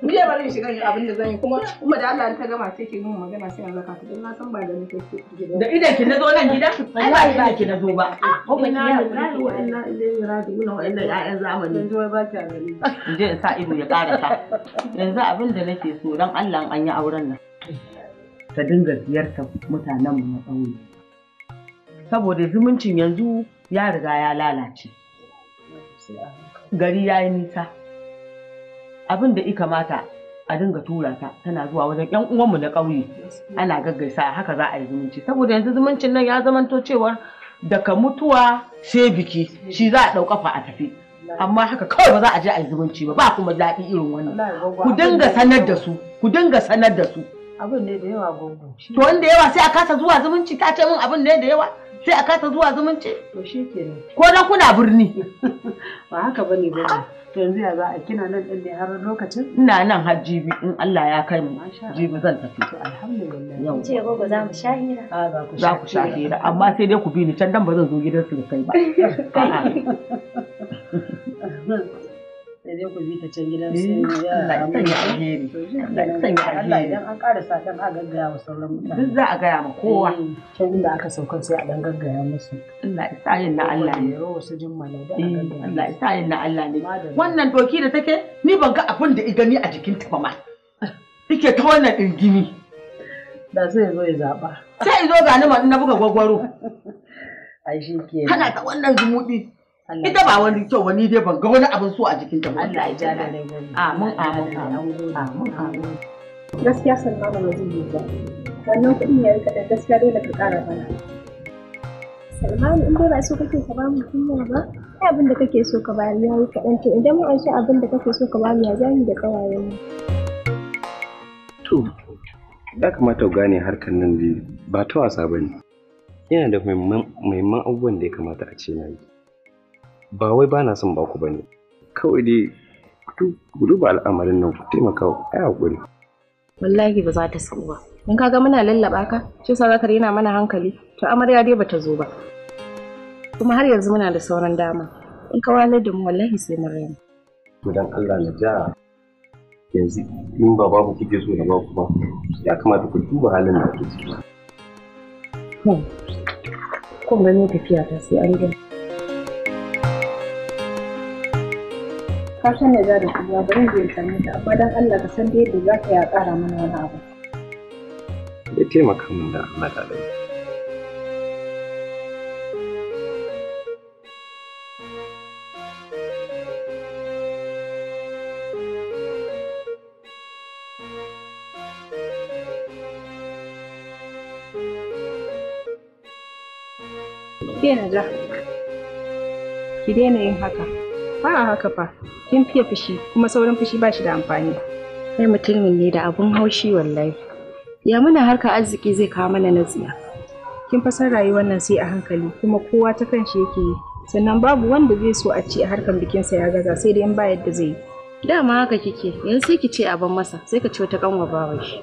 Ni bari in shiga abin da zan yi kuma kuma da Allah ta gama sai ke mun magana sai Allah ka ta dan na san ba da ni kake gida. Da idan ki nazo nan gida? Wallahi ba ki nazo ba. Ah, ah, Ko ba ki ya wallahi wa yi ilaihi raji'un wa inna ya'yan zamani. Dan wai ba ki gani. Je in sa ido ya ta. Yanzu abin da nake so dan Allah an yi auren nan. Ta dinga ziyartar mutanen mu na ƙauye. Saboda zumuncin yanzu ya riga ya lalace. Gari ya yi nisa. abin da ika mata a dinga tura ta tana zuwa wajen yan uwanmu na ƙauye ana gaggaisa haka za a yi zumunci saboda yanzu zumuncin nan ya zamanto cewar daga mutuwa sai biki shi za a ɗauka fa a tafi amma haka kawai ba za a je a yi zumunci ba ba kuma daɗi irin wannan ku dinga sanar da su ku dinga sanar da su abin ne da yawa gungun to wanda yawa sai a kasa zuwa zumunci ta ce min abin ne da yawa sai a kasa zuwa zumunci to shi kenan ko dan kuna birni ba haka bane ba yanzu ya za a kina nan ɗin ne har lokacin? Ina nan har jibi in Allah ya kai mu jibi zan tafi. Alhamdulillah. Yau. Ce gogo za mu sha hira. Ah, za ku sha hira amma sai dai ku bi ni can dan ba zan zo gidan su kai ba. sai dai ku bi ta can gidan mm. su ya alheri Allah idan an a gaggaya wa sauran mutane duk za a gaya ma kowa mm. can inda aka sauka sai a dan gaggaya musu Allah sa yin na Allah ne mm. Allah yin na Allah ne wannan doki da take ni ban ga abin da i gani a jikinta ba ma take ta wannan dingimi da sai zo ya zaba sai zo na buga gwagwaro ai shi hana ta wannan zumudi. Ita ba wani kyau wani dai ban ga wani abin so a jikin ta ba. Allah ya ja da Amin amin amin amin. Gaskiya sannan ba zai yi ba. Wannan kuɗin ya rika da gaskiya dole ka kara bana. Salmanu in dai ba so kake ka bamu kunya ba, kai abin da kake so ka bayar ya yi kaɗan to idan mu an abin da kake so ka bamu ya za da ƙawayen mu. To, ya kamata ku gane harkar nan dai ba ta wasa ba ne. Yana da muhimman abubuwan da ya kamata a ce na yi. ba wai ba na son ba ku ba ne kawai dai ku duba al'amarin nan ku taimaka ai hakuri wallahi ba za ta so ba in ka ga muna lallaba ka shi yasa zaka rena mana hankali to amarya dai bata zo ba kuma har yanzu muna da sauran dama in ka walar da mu wallahi sai mun rayu to dan Allah na ja yanzu in ba babu kuke so na ba ku ba ya kamata ku duba halin da kuke ciki hmm. kun ganin tafiya ta sai an gani ka san da jarin kuma bari zai same ta amma don Allah ka san da yadda za ka ya ƙara mana wani abu. Ya taimaka min da Allah da Allah. Ki daina ja, ki daina yin haka. ba a haka fa kin fiye fushi kuma sauran fushi ba shi da amfani kai mutumin ne da abun haushi wallahi ya muna harka arziki zai kawo mana natsiya kin fasar rayuwar nan sai a hankali kuma kowa ta kan shi yake yi sannan babu wanda zai so a ci a bikin sa ya gaza sai dai in ba yadda zai yi dama haka kike yanzu sai ki ce a ban masa sai ka ce wata kanwa babu shi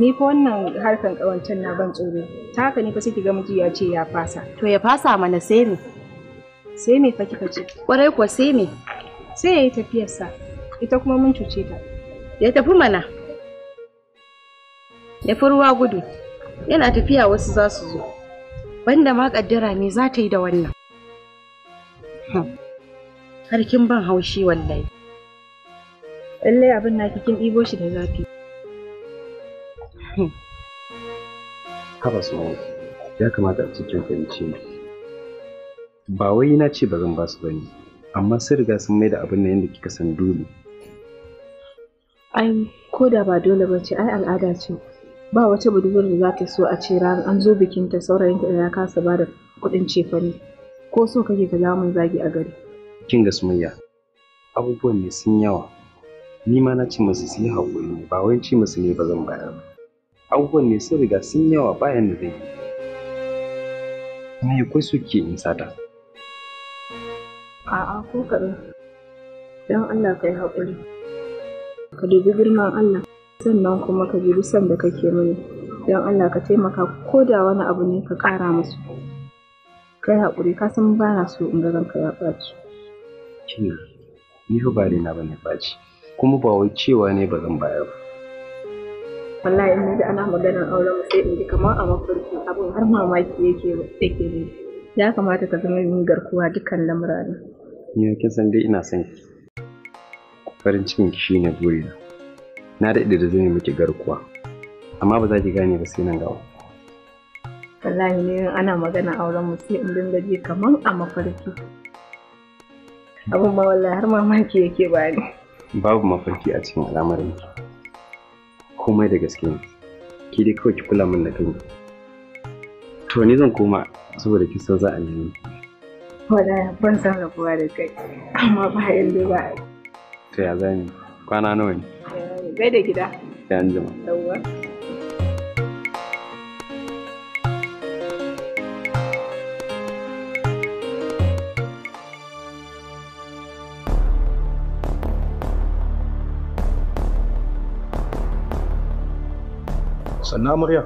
ni fa wannan harkan kawancan na ban tsoro ta haka ne fa sai ki ga miji ya ce ya fasa to ya fasa mana sai ne sai me fa kika ce kwarai kuwa sai me sai yayi tafiyarsa ita kuma mun cuce ta ya tafi mana ya fi ruwa gudu yana tafiya wasu za su zo banda ma kaddara me za ta yi da wannan har kin ban haushi wallahi lallai abin na kin ɗibo shi da zafi haba su ya kamata a cikin fahimci ne ba wai na ce ba zan ba su bane amma sun riga sun mai da abin nan yadda kika san dole ai ko da ba dole ba ce ai al'ada ce ba wata budurwar da za ta so a ce ran an zo bikin ta saurayinta da ya kasa ba da kuɗin cefane ko so kake ka mun zagi a gari kin ga sumayya abubuwan ne sun yawa ni ma na ce musu su yi haƙuri ne ba wai ce musu ne ba zan bayar ba abubuwan ne sun riga sun yawa bayan da zai yi Me yi kwai suke in sata A'a ko kaɗan. Don Allah ka yi haƙuri. Ka dubi girman Allah, sannan kuma ka dubi son da kake mini. Don Allah ka taimaka ko da wani abu ne ka ƙara musu. Ka yi haƙuri, ka san ba na so in ga ranka ya ɓaci. Kina, ni ba ba na bane ɓaci, kuma ba wai cewa ne ba zan bayar ba. Wallahi in da ana maganar auren mu sai in ji kamar a mafarki abin har mamaki yake yake ne. Ya kamata ka zama yin garkuwa dukkan lamurana. ni kin san dai ina son ki farin cikin ki shine burina na daɗe da zai miki garkuwa amma ba za ki gane ba sai nan gawa wallahi ne ana magana auren mu sai in dinga ji kaman a mafarki abin ma wallahi har mamaki yake bani babu mafarki a cikin al'amarin ki komai da gaske ne ki dai kawai ki kula min da kanki to ni zan koma saboda kin san za a nemi Wala ban san rabuwa da kai, amma ba yanzu ba. To ya zani, kwana nawa ne? Bai eh, da gida. Ya an jima. Sannan murya.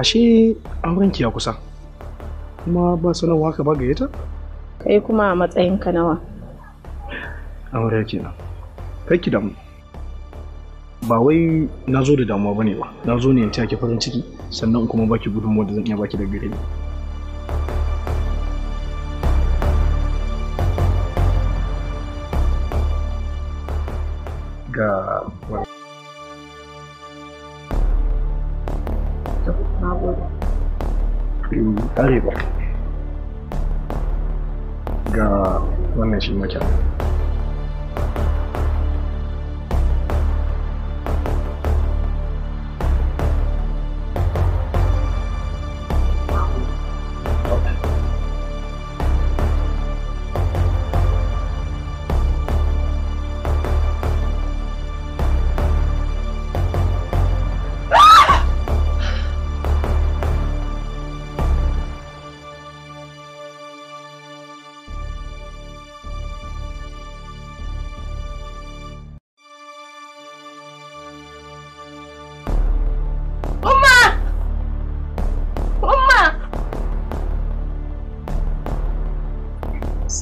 ashe aurenki ya kusa. kuma ba sanarwa ka ba gayyata? Kai kuma a matsayinka nawa. ke kenan. Kai ki damu. Ba wai na zo da damuwa bane ba. Na zo ne in taya ki farin ciki sannan kuma baki gudunmuwa da zan iya baki da gare ni. Ga wani. Eh, Arewa. ga wannan shi makyar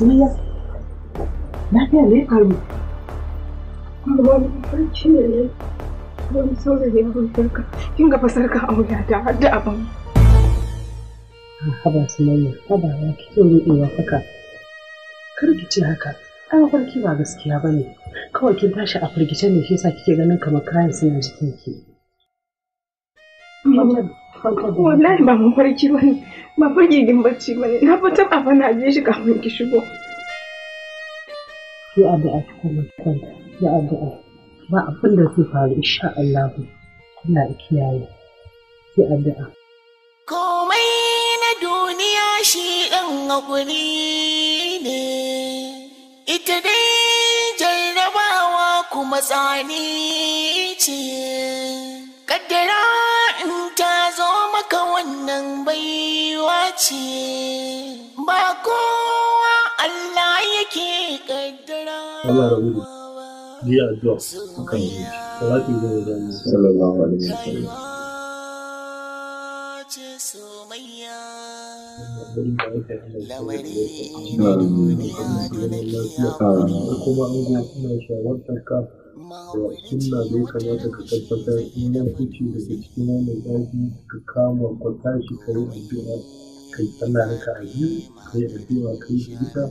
Suriya, lafiya ne faru? Wani farci ne ne, wani saurayi ya rufarka, kin ga fasarka a wuyata har da abin. Haba Sumayya, haba ya kike ruɗewa haka. Kar ki ce haka, an farki ba gaskiya ba ne, kawai kin tashi a firgice ne shi yasa kike ganin kamar kayan suna jikinki. Wallahi ba mu farki ba ne. Ba fagigin bacci ba ne, na fitar a fana je shi kafin ki shigo. Ki addu'a ki kuma kwanta, ki addu'a. Ba abin da zai faru insha Allah ba. Kuna kiyaye. Ki addu'a. Komai na duniya shi ɗan hakuri ne, ita dai jarrabawa kuma tsani ce. Kaddara zo maka wannan baiwa ce ba kowa Allah yake kaddara Allah rabu ni addu'a kan yi salatu da wajen sallallahu alaihi wasallam lamari ne duniya da kuma an go kuma shawartar ka killa zai kamata ka tabbatar in ya daga cikin wannan ɗaki ka kama ka tashi ka yi addu'a a biyu ka yi addu'a ka yi bisa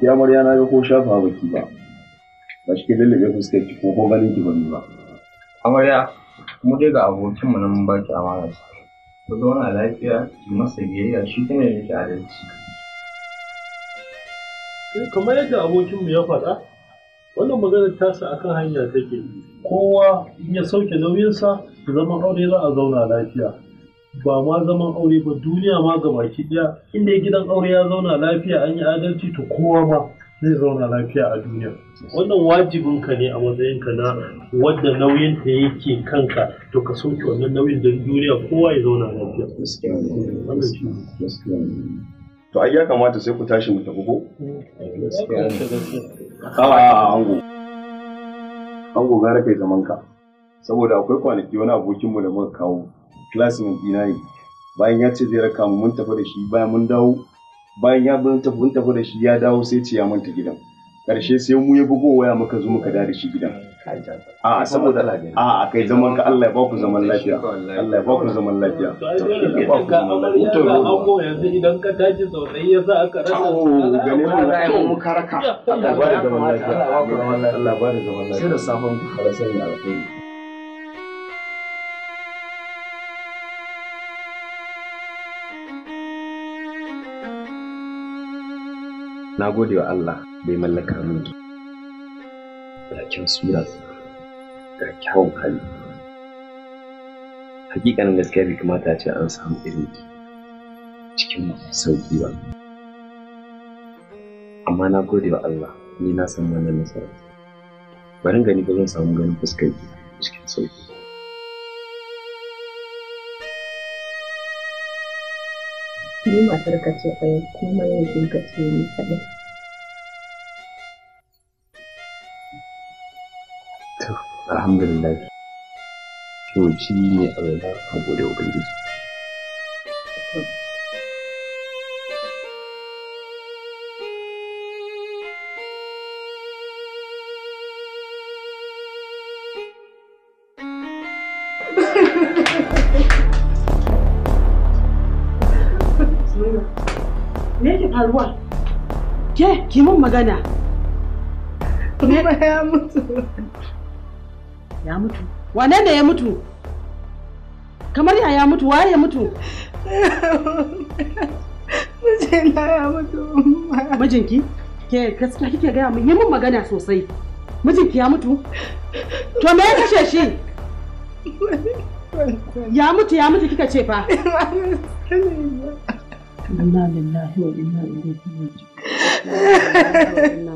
ta na ga ko shafa baki ba, ba shi ke lullube fuskar ko ganin ki ba ni ba. Amarya, mu dai ga abokin mu nan baki amana ku zauna lafiya ki masa biyayya shi kuma ya miki adalci eh, kamar yadda abokin mu ya faɗa wannan maganar tasa akan hanya take kowa in ya sauke nauyinsa zaman aure za a zauna lafiya ba ma zaman aure ba duniya ma gabaki daya inda gidan aure ya zauna lafiya an yi adalci to kowa ba. zai zauna lafiya a duniya wannan wajibin ka ne a matsayin ka na wadda nauyin ta yake kanka to ka soke wannan nauyin don duniya kowa ya zauna lafiya to ai ya kamata sai ku tashi mu tafi ko eh, ango ango gara kai zaman ka saboda akwai kwanaki wani abokin mu da muka kawo classmate dina ne bayan ya ce zai raka mu mun tafi da shi bayan mun dawo bayan ya bin tafi tafi da shi ya dawo sai ce ya manta gidan karshe sai mu ya bugo waya muka zo muka da shi gidan a saboda a a kai zaman ka Allah ya ba ku zaman lafiya Allah ya ba ku zaman lafiya to shi ba ku zaman lafiya to yanzu idan ka tashi sau dai ya sa aka rasa gane mu da mu Allah ba da zaman lafiya Allah ba da zaman lafiya sai da safon ku sai sani alkhairi na gode wa Allah bai mallaka mun ki da kyan sura da kyawun hali hakikanin gaskiya bai kamata ce an samu irin ki cikin sauki ba amma na gode wa Allah ni na san wannan nasara bari gani ba zan samu ganin fuskar ki cikin sauki ni matar ka ce ɗaya kuma yankin ka ce ni kaɗai. To, alhamdulillah. Shi ne a wajen a gode Ubangiji. Ke, ki mun magana. Kuma ya mutu. Ya mutu. Wane ne ya mutu? Kamar ya ya mutu, waye ya mutu? Mijina ya mutu. Mijinki? Ke gaskiya kike gaya mun yi mun magana sosai. Mijinki ya mutu? To me ya kashe shi? Ya mutu ya mutu kika ce fa. Inna lillahi wa inna ilaihi raji'un. وإنا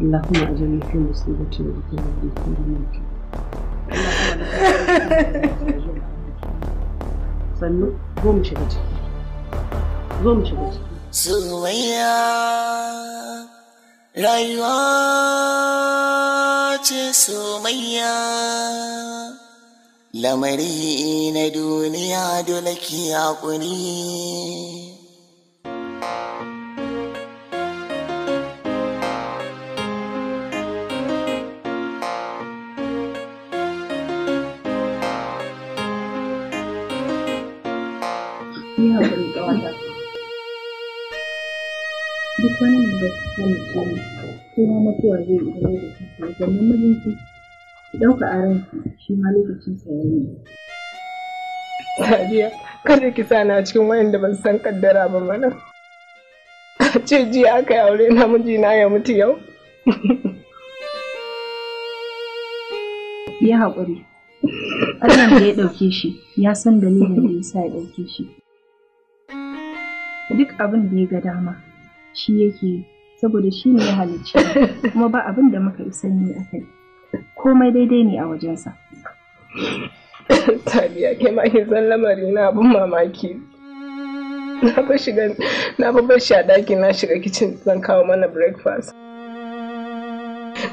اللهم في مصيبتي في sannu zo mu shiga ciki zo mu shiga ciki soyayya rayuwa ce soyayya lamari na duniya dole ki haƙuri yi haƙuri ƙawata. Duk wannan da ta mace ne, ko ma mutuwa zai yi da kansa, sannan mijinki ki ɗauka a ranki shi ma lokacin sa ya yi. Sadiya, kada ki sa na cikin da ban san kaddara ba mana. A ce jiya aka yi aure na mijina ya mutu yau. Ya haƙuri. Allah da ya ɗauke shi ya san dalilin da ya sa ya ɗauke shi. duk abin da ya ga dama shi yake yi saboda shi ne ya halicci kuma ba abin da muka isa sanyi a kai komai daidai ne a wajensa taliya ke ma zan lamari na abin mamaki na ba bashi a daki na shiga kicin zan kawo mana breakfast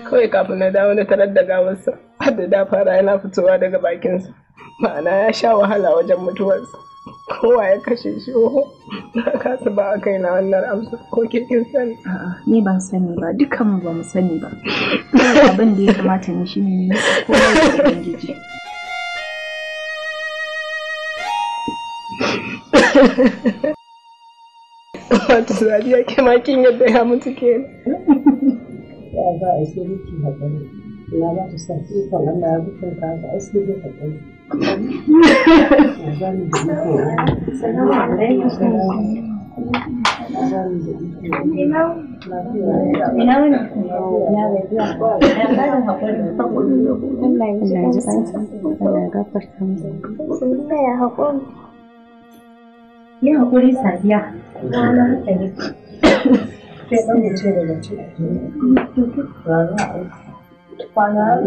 kawai kafin na dawo na tarar da gawarsa har da da fara yana fitowa daga bakinsa ma'ana ya sha wahala wajen mutuwarsa kowa ya kashe shi na kasa ba a kai na wannan amsa ko ke kin sani ni ban sani ba dukkan mu ba mu sani ba abin da ya kamata ni shi ne ko ya ubangiji wato ya ke makin yadda ya mutu ke ne ya za a yi sai miki haƙuri na ba ta sa ikon na ya bukunta a ai sai dai haƙuri Ya haƙuri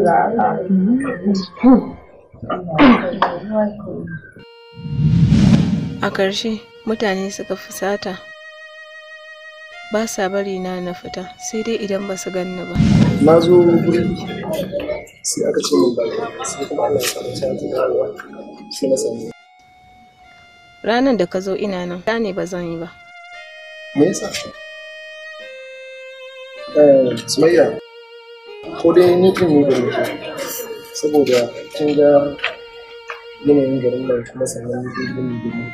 da A ƙarshe mutane suka fusata ba sa bari na na fita sai dai idan ba su ganni ba. Na zo wuri sai aka ce min ba sai kuma Allah ya samu ta dawowa sai na sami. Ranar da ka zo ina nan ta ne ba zan yi ba. Me yasa? Eh, Sumayya, ko dai ni ɗin ne da nake saboda kun ga yanayin garin nan kuma sannan yi gudun gini gini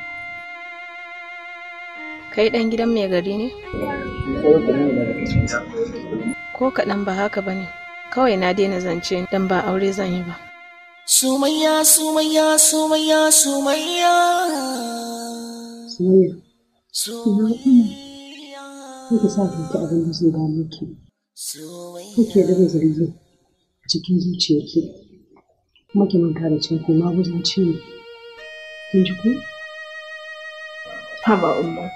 kai dan gidan mai gari ne ko kaɗan ba haka ba ne kawai na daina zance dan ba aure zan yi ba sumayya sumayya sumayya sumayya sumayya kuka sa ki abin da zai ba miki? kuke da zargi cikin zuciyarki kuma ki manta da cin koma gudun ci ne kin ji ku haba umma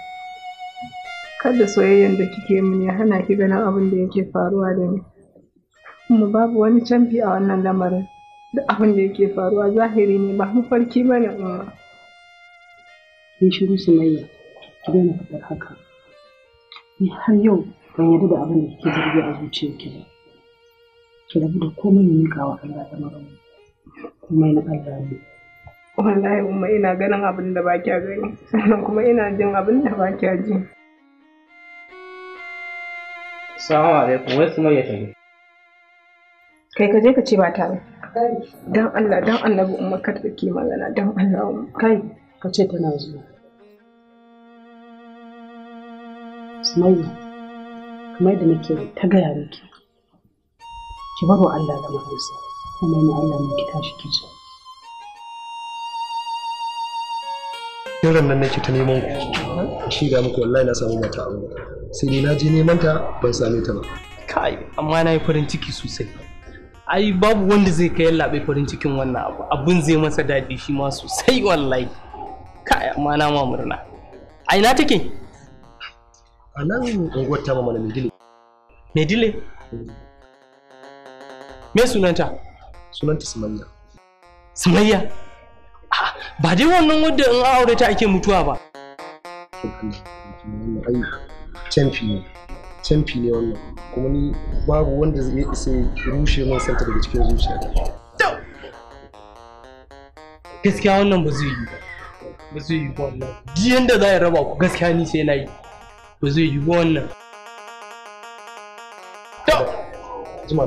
kada soyayyen da kike min ya hana ki ganin abin da yake faruwa da ni kuma babu wani canfi a wannan lamarin da abin da yake faruwa zahiri ne ba mafarki ba ne umma kin shiru sumayya ki daina fitar haka ni har yau ban yarda da abin da kike zargi a zuciyarki ba ki rabu da komai ne kawo Allah da magana kuma na Allah ne wallahi umma ina ganin abin da ba kya gani sannan kuma ina jin abin da ba kya ji Assalamu alaikum wai su mai tafi kai ka je ka ce ba ta ba dan Allah dan annabi umma ka take magana dan Allah kai ka ce tana zuwa Sumayya kamar da nake ta gaya miki ki baro Allah da mahaifinsa kuma na Allah mai kita shi kici kiran nan nake ta neman ku shi ga muku wallahi na samu mata abu sai dai na je neman ta ban same ta ba kai amma na yi farin ciki sosai ai babu wanda zai kai labe farin cikin wannan abu abun zai masa daɗi shi ma sosai wallahi kai amma na ma murna ai na take a nan unguwar ta mama na medile medile me sunanta sunanta sumayya sumayya ah, ba dai wannan wadda in aure ta ake mutuwa ba canfi ne canfi ne wannan kuma ni babu wanda zai isa rushe min santa daga cikin ta gaskiya wannan ba zai yi ba ba zai yi ba wannan duk yanda za ya raba ku gaskiya ni sai na yi ba zai yi ba wannan ta jima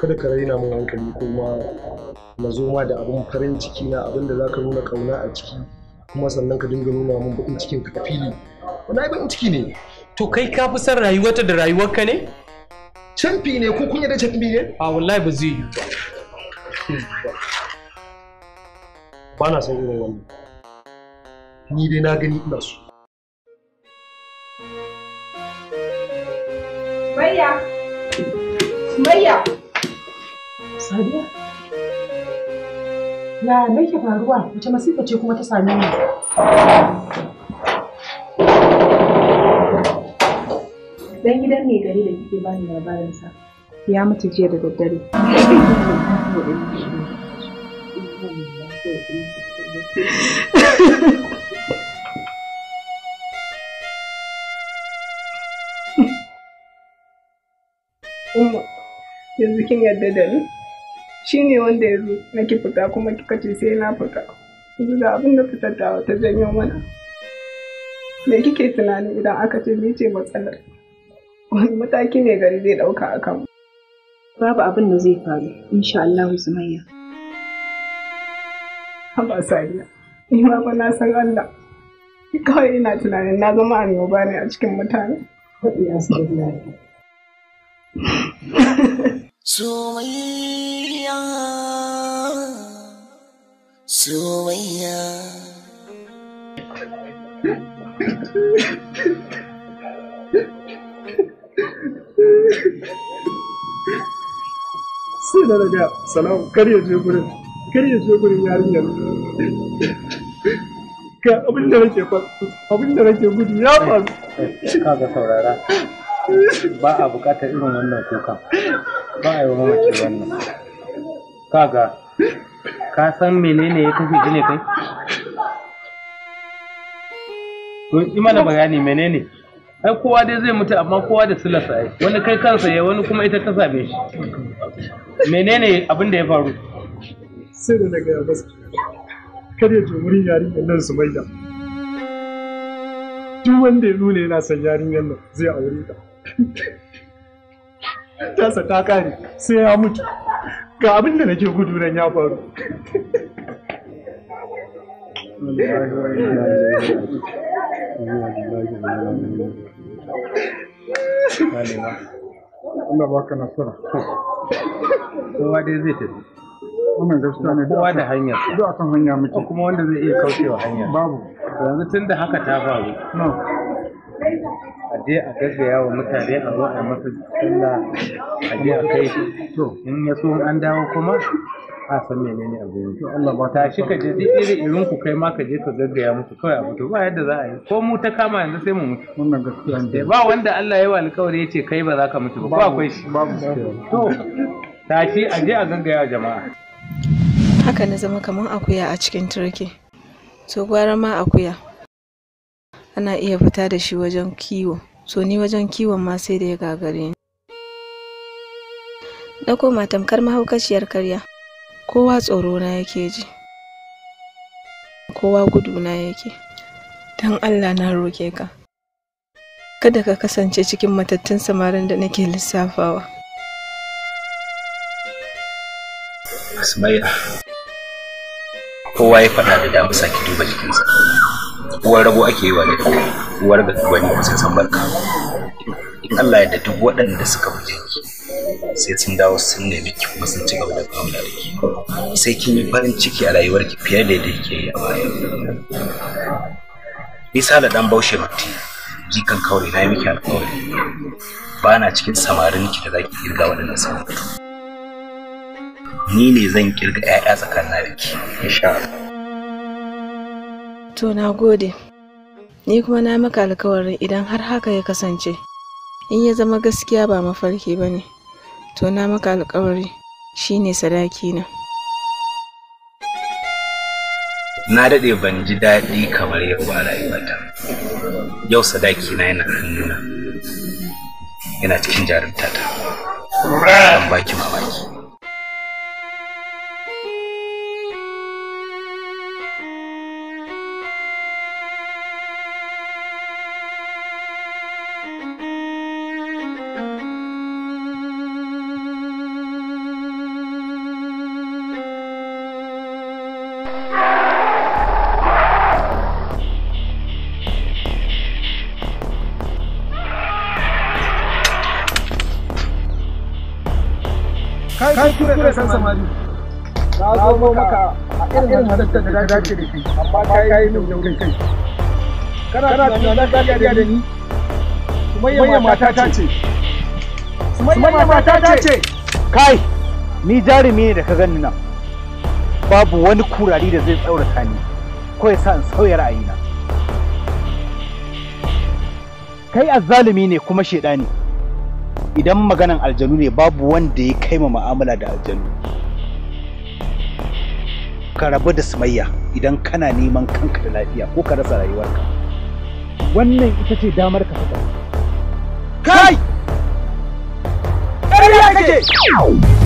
kada ka raina min hankali kuma na zo ma da abin farin ciki na abin da zaka nuna kauna a ciki kuma sannan ka dinga nuna min bakin cikin ka fili wani bakin ciki ne to kai ka fi son rayuwarta da rayuwar ka ne champi ne ko kun yi da champi ne a wallahi ba zai yi ba na son irin wannan ni dai na gani ina so Maya! Maya! Sadiya? Ya me ke faruwa? Wace masifa ce kuma ta same ni? Dan gidan ne gari da kike bani labarinsa. Ya mutu jiya da daddare. Umma, yanzu kin yarda da ni? shi ne wanda ya zo nake fita kuma kika ce sai na fita yanzu da abin da fitar da wata janyo mana me kike tunanin idan aka ce ni ce matsalar wani mataki ne gari zai ɗauka a kan babu abin da zai faru insha Allah Sumayya haba sariya ni ma ba na san Allah kawai ina tunanin na zama annoba ne a cikin mutane Sumayya soyayya sai da daga salamu kar ya je gurin kar ya je gurin yarinyar ga abin da nake abin da nake gudu ya faru ka ga saurara ba a bukatar irin wannan kuka ba a yi wa mamaci wannan kaga ka san menene ya tafi shi ne kai to yi mana bayani menene ai kowa dai zai mutu amma kowa da silasa ai wani kai kansa ya wani kuma ita ta same shi menene abin da ya faru sai da na gaya masa kar ya tumuri yarinyar nan su maida duk wanda ya nuna yana son yarinyar nan zai aure ta tasa ta kare sai ya mutu ga abin da nake gudu nan ya faru Allah ba ka nasara. Kowa dai zai tafi. Wannan gaskiya ne. Kowa da hanya. Duk akan hanya muke. Kuma wanda zai iya kaucewa hanya. Babu. Yanzu tun da haka ta faru. a je a gaggaya wa mutane a zo a masa sallah a je a kai to in ya so an dawo kuma a san menene a gurin to Allah ba ta shi ka je duk irin irin ku kai ma ka je ka gaggaya musu kawai a mutu ba yadda za a yi ko mu ta kama yanzu sai mu mutu wannan gaskiya ne ba wanda Allah ya yi alƙawari ya ce kai ba za ka mutu ba akwai shi to tashi a je a gaggaya jama'a haka na zama kamar akuya a cikin turke to gwara ma akuya ana iya fita da shi wajen kiwo so ni wajen kiwon ma sai da ya gagare ni na koma tamkar mahaukaciyar karya kowa tsoro na yake ji kowa gudu na yake don allah na roke ka kada ka kasance cikin matattun samarin da nake lissafawa asma'ila kowa ya faɗa da damu sake duba jikinsa uwar rabo ake yi wa da uwar ga gwani sai san barka in Allah ya da duk waɗanda suka guje ki sai sun dawo sun nemi ki kuma sun ci gaba da kawo da ki sai kin yi farin ciki a rayuwar ki fiye da yadda ke yi a baya misali dan baushe mati jikan kawai na yi miki alkawari ba na cikin samarin ki da za ki kirga waɗannan samari ni ne zan kirga 'ya'ya tsakanin da ki insha To na gode. Ni kuma na maka alkawarin idan har haka ya kasance, in ya zama gaskiya ba mafarki ba ne, to na maka alkawari shi ne sadaki na. Na daɗe ban ji daɗi kamar yau a rayuwata. Yau sadaki na yana hannuna, yana cikin ta. Ban baki mamaki. maka a ka yi kai tunanin ka da ni sumayya mata ce mata ta ce kai ni jarumi ne da ka gani nan babu wani kurari da zai tsaurata ni ko ya sa in sauya ra'ayina kai azzalumi ne kuma shedani idan maganan aljanu ne babu wanda ya kai ma mu'amala da aljanu ka rabu da sumayya idan kana neman kanka da lafiya ko ka rasa rayuwarka wannan ita ce damar ka kai Kai! Kai!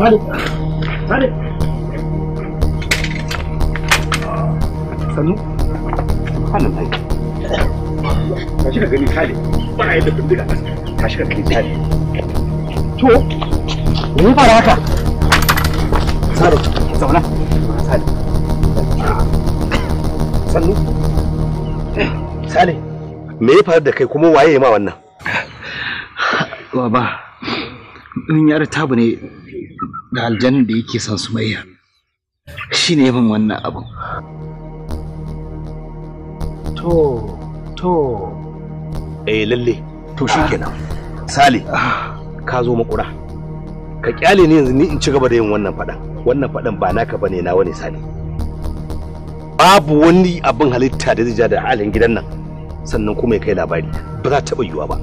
Sadiq. Sadiq. Sannu. Hannun ai. Ka shiga gani Sadiq. Bara yadda bindiga. Ka shiga gani Sadiq. To, me ya fara haka? Sadiq, zauna. Sadiq. Sannu. Sadiq. Me ya fara da kai kuma waye ma wannan? Baba, in yar tabu ne da aljannin da yake son sumayya shi ne yabin wannan abin to to eh lalle to shi kenan sale ah. ka zo makura ka kyale ni yanzu ni in ci gaba da yin wannan faɗan wannan faɗan ba naka bane na wani sale babu wani abin halitta da zai ja da halin gidan nan sannan kuma ya kai labari ba za ta taɓa yiwuwa ba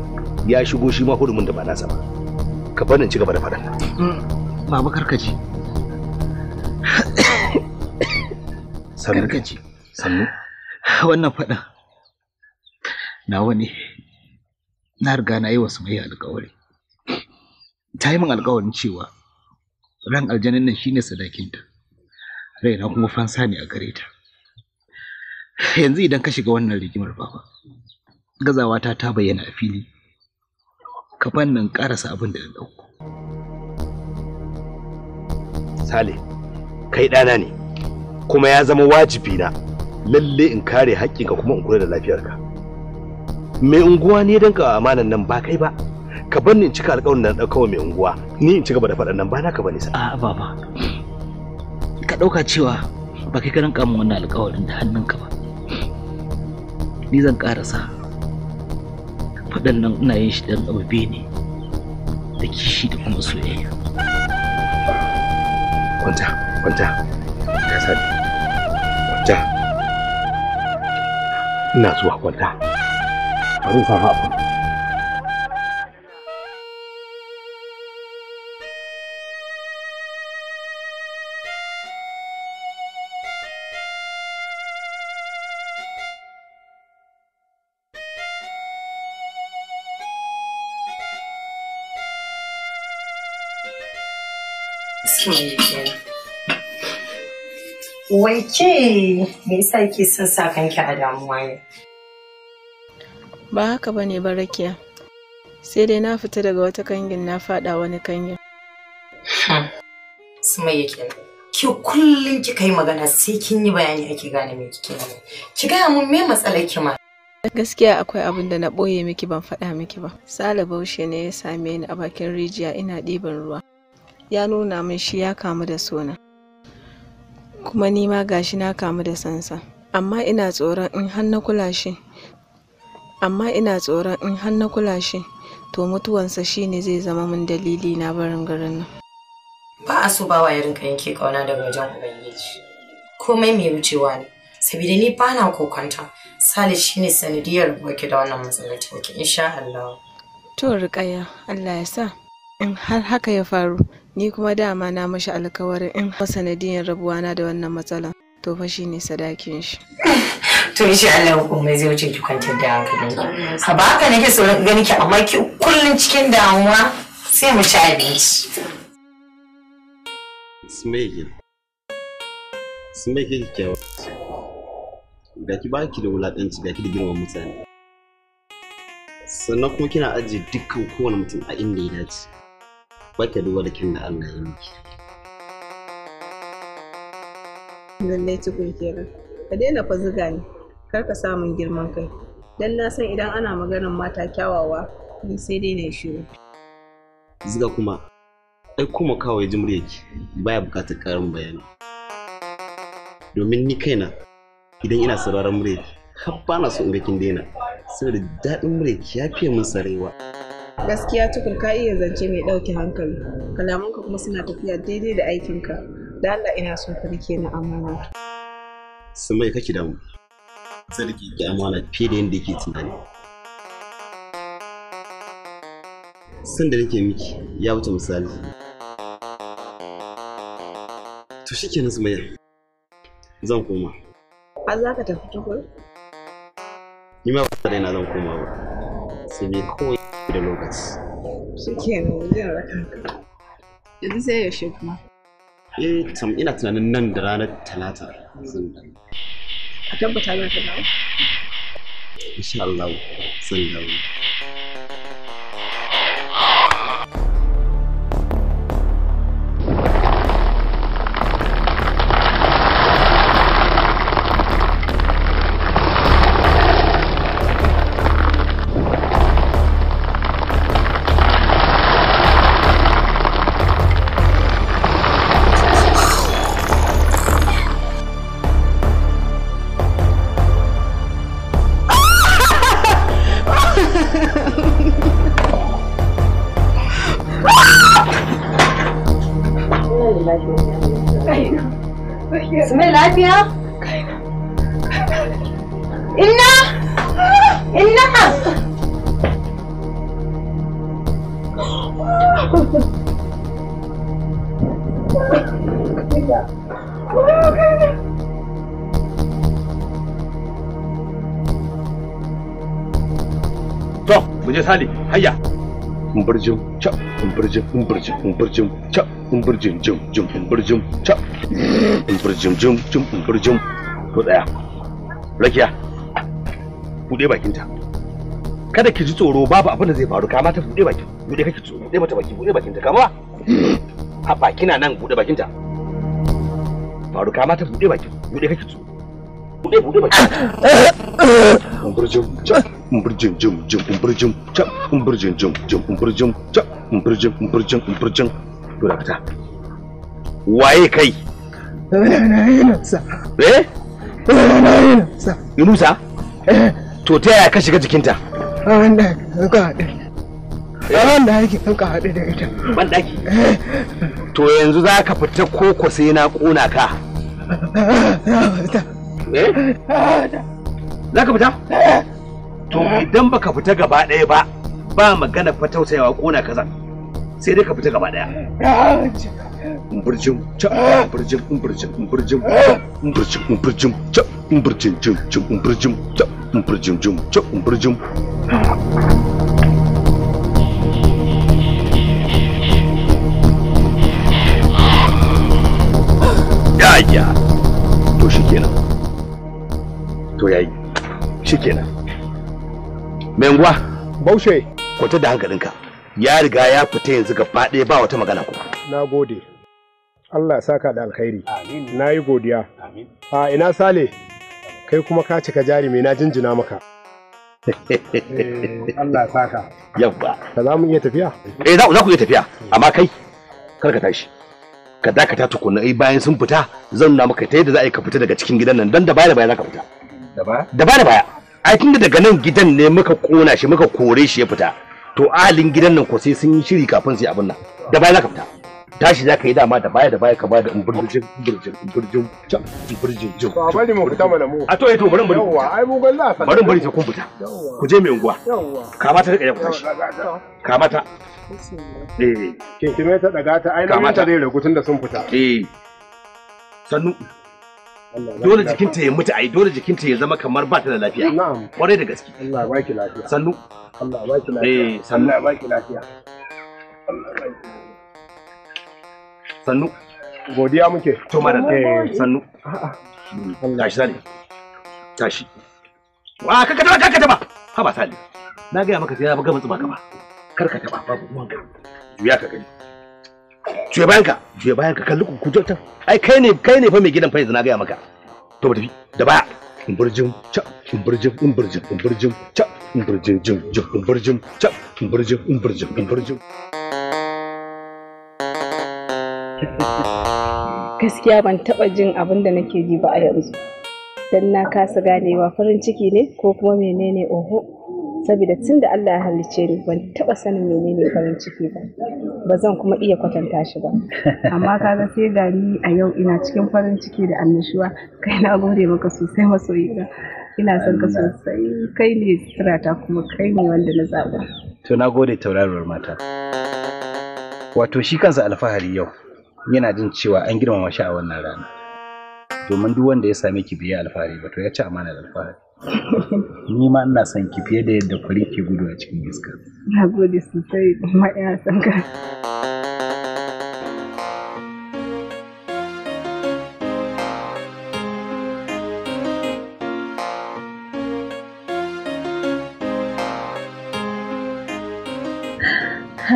ya shigo shi ma hurumin da ba nasa ba ka bani in ci gaba da faɗan mm. Baba karkace. Karkace. Sannu. Wannan faɗa. Nawa ne. Na riga na yi wa mai alƙawari. Ta yi min alƙawarin cewa ran aljanin nan shine sadakinta. Raina kuma fansa ne a gare ta. Yanzu idan ka shiga wannan rigimar baba. Gazawa ta ta bayyana a fili. Ka fannin karasa abin da na ɗauko. Sale, kai ɗana ne, kuma ya zama wajibi na lalle in kare haƙƙinka kuma in kula da lafiyarka. Mai unguwa ne don ka amanan nan ba kai ba, ka bar ni in cika alƙawarin da na ɗauka mai unguwa, ni in ci gaba da faɗan nan ba naka bane sa. A'a baba, ka ɗauka cewa ba kai karin kamun wannan alƙawarin da hannunka ba. Ni zan ƙarasa faɗan nan ina yin shi dan abu ne da kishi da kuma soyayya. kwanta kwanta ka sani kwanta ina zuwa kwanta bari Wai me yasa ke son sa kanki a damuwa ne? Ba haka ba ne barakiya. Sai dai na fita daga wata kangin na fada wani kangin. mai yake Ki kullum ki yi magana sai kin yi bayani ake gane me kike ne. Ki gaya mun me matsalar ki ma. Gaskiya akwai abin da na ɓoye miki ban faɗa miki ba. Sale Baushe ne ya same ni a bakin rijiya ina ɗiban ruwa. Ya nuna min shi ya kamu da sona. kuma ni ma gashi na kamu da sansa amma ina tsoron in har na kula shi amma ina tsoron in har na kula shi to mutuwansa shine zai zama min dalili na barin garin nan ba a so ba wayarin rinka yake kauna daga wajen ubangiji komai mai wucewa ne saboda ni ba na kokonta sale shine sanadiyar wake da wannan matsalar take insha Allah to riƙaya Allah ya sa in har haka ya faru ni kuma dama na mashi alkawarin in ha rabuwa rabuwana da wannan matsalan to fa shi ne sadakin shi to shi Allah kun mai zai wuce ki kwantar da hankalin ka ba haka nake so gani ki amma ki kullun cikin damuwa sai mu ci abinci Smail Smail ki kawo ga ki ba ki da wulakanci ga ki da girman mutane sannan kuma kina ajiye dukkan kowane mutum a inda ya dace bata duk wani kin da Allah ya miki. Lallai tukun kenan. Ka daina fa zuga ni, kar ka samun girman kai. Dan na san idan ana maganar mata kyawawa, ni sai dai na shiru. Ziga kuma, ai kuma kawai jimre muryarki baya buƙatar ƙarin bayani. Domin ni kaina, idan ina sauraron muryarki, har ba na so in ga kin daina. Saboda daɗin muryarki ya fiye min sarewa. Gaskiya tukun ka iya zance mai ɗauke hankali. Kalamanka kuma suna tafiya daidai da aikinka. Da Allah ina son ka rike na amana. su mai kake mu. Sarki ki amana fiye da yadda yake tunani. Sun da nake miki ya wuce misali. To shi kenan Sumayya. Zan koma. Har za ka tafi tukur? Ni ma ba tare na zan koma ba. Sai dai kawai da lokaci shi kenan zan raka ka yanzu sai yaushe kuma eh tam ina tunanin nan da ranar talata zan da. a tabbata za ka dawo insha Allah zan dawo lafiya? Inna! Inna! To, mu je sali, hayya. Umburjum, ca, umburjum, umburjum, umburjum, ca, umburjum, jum, jum, umburjum, ca. Umfurjum to tsaya. Rakiya buɗe bakinta. Kada ki ji tsoro babu abin da zai faru kama ta buɗe bakin buɗe kake tsoro buɗe mata baki buɗe bakinta kama. kina nan buɗe bakinta. Faru kama ta buɗe bakin buɗe kake tsoro. Buɗe buɗe bakin. jum jum jum jum To Waye kai? Eh? Yunusa? Eh. To ta yaya ka shiga jikinta? Wanda ka haɗu. Wanda yake ka haɗu da ita. Wanda eh. To yanzu za ka fita ko sai na ƙuna ka. Eh. Za ka fita? To idan baka fita gaba ɗaya ba, ba magana fa tausayawa ƙona ka zan. Sai dai ka fita gaba ɗaya. Ah, umburjin ca umburjin yaya to shikenan to yayi shikenan menguwa baushe da hankalinka ya riga ya fita yanzu gaba ɗaya ba wata magana kuma na gode Allah sa saka da alkhairi na yi godiya a ina sale kai kuma ka cika jari mai na jinjina maka eh, Allah sa saka yabba ka za mu iya tafiya eh za ku iya tafiya amma kai kar ka tashi ka dakata tukuna ai eh, bayan sun fita zan nuna maka ta yadda za a yi ka fita daga cikin gidan nan don da baya da baya za ka fita da baya da baya da baya ai tunda daga nan gidan ne muka kona shi muka kore shi ya fita to ahalin gidan nan ko sai sun yi shiri kafin su yi abin nan da baya za ka fita tashi za ka yi dama da baya da baya ka ba da burjin burjin burjin jin to bari mu fita mana mu a to eh bari bari yawa ai bari bari kun fita ku je mai unguwa kama ta rika ya fita kama ta eh kinkime ta daga ta ai nan ta eh. sannu dole jikinta ya zama kamar ba ta da lafiya kwarai da gaske sannu Allah eh, sannu sannu godiya muke to mara eh sannu tashi sani tashi wa ka ka taba ka ka taba ha ba sani na ga maka sai ya ga mutsu ba ka ba kar ka taba babu uwan ka juya ka gani juya bayan ka juya bayan ka kalli ku jota ai kai ne kai ne fa mai gidan fa yanzu na ga maka to ba tafi da baya umburjin ca umburjin umburjin umburjin ca umburjin jin jin umburjin ca umburjin umburjin umburjin gaskiya ban taɓa jin abin da nake ji ba a yanzu don na kasa ganewa farin ciki ne ko kuma menene oho saboda tun da Allah ya halice ni ban taɓa sanin menene farin ciki ba ba zan kuma iya kwatanta shi ba amma kaga sai da ni a yau ina cikin farin ciki da annashuwa kai na gode maka sosai masoyina ina son ka sosai kai ne sirata kuma kai ne wanda na zaba to na gode tauraruwar mata wato shi kansa alfahari yau yana jin cewa an girmama shi a wannan rana domin duk wanda ya sami ki biya alfahari ba to ya ci amana da alfahari ni ma ina son ki fiye da yadda fari ke gudu a cikin iska na gode sosai ma ina son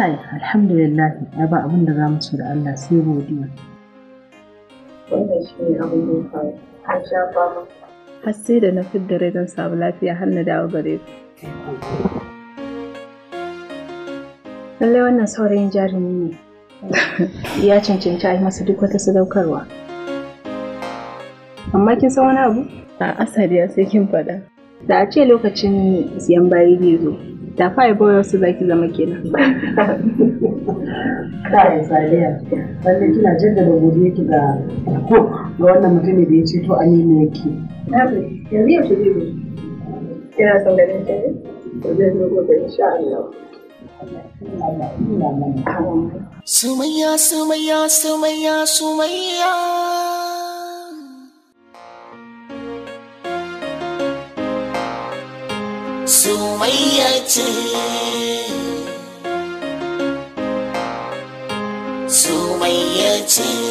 kai alhamdulillah ya ba abin da za mu ci da Allah sai godiya wannan shi ne abin da ya har sai da na fidda rai don samu lafiya har na dawo gare ku lallai wannan saurayin jarumi ne ya cancanci a yi masa duk wata sadaukarwa amma kin san wani abu a asali ya sai kin faɗa da a ce lokacin siyan bayi ne zo da fai boy za zaki zama kenan Kare saliya wanda kina jaddada gobe ki ga ko ga wannan mutum da ya ce to amini yake yanzu yaushe zai kina son ne zai sumayya ce sumayya ce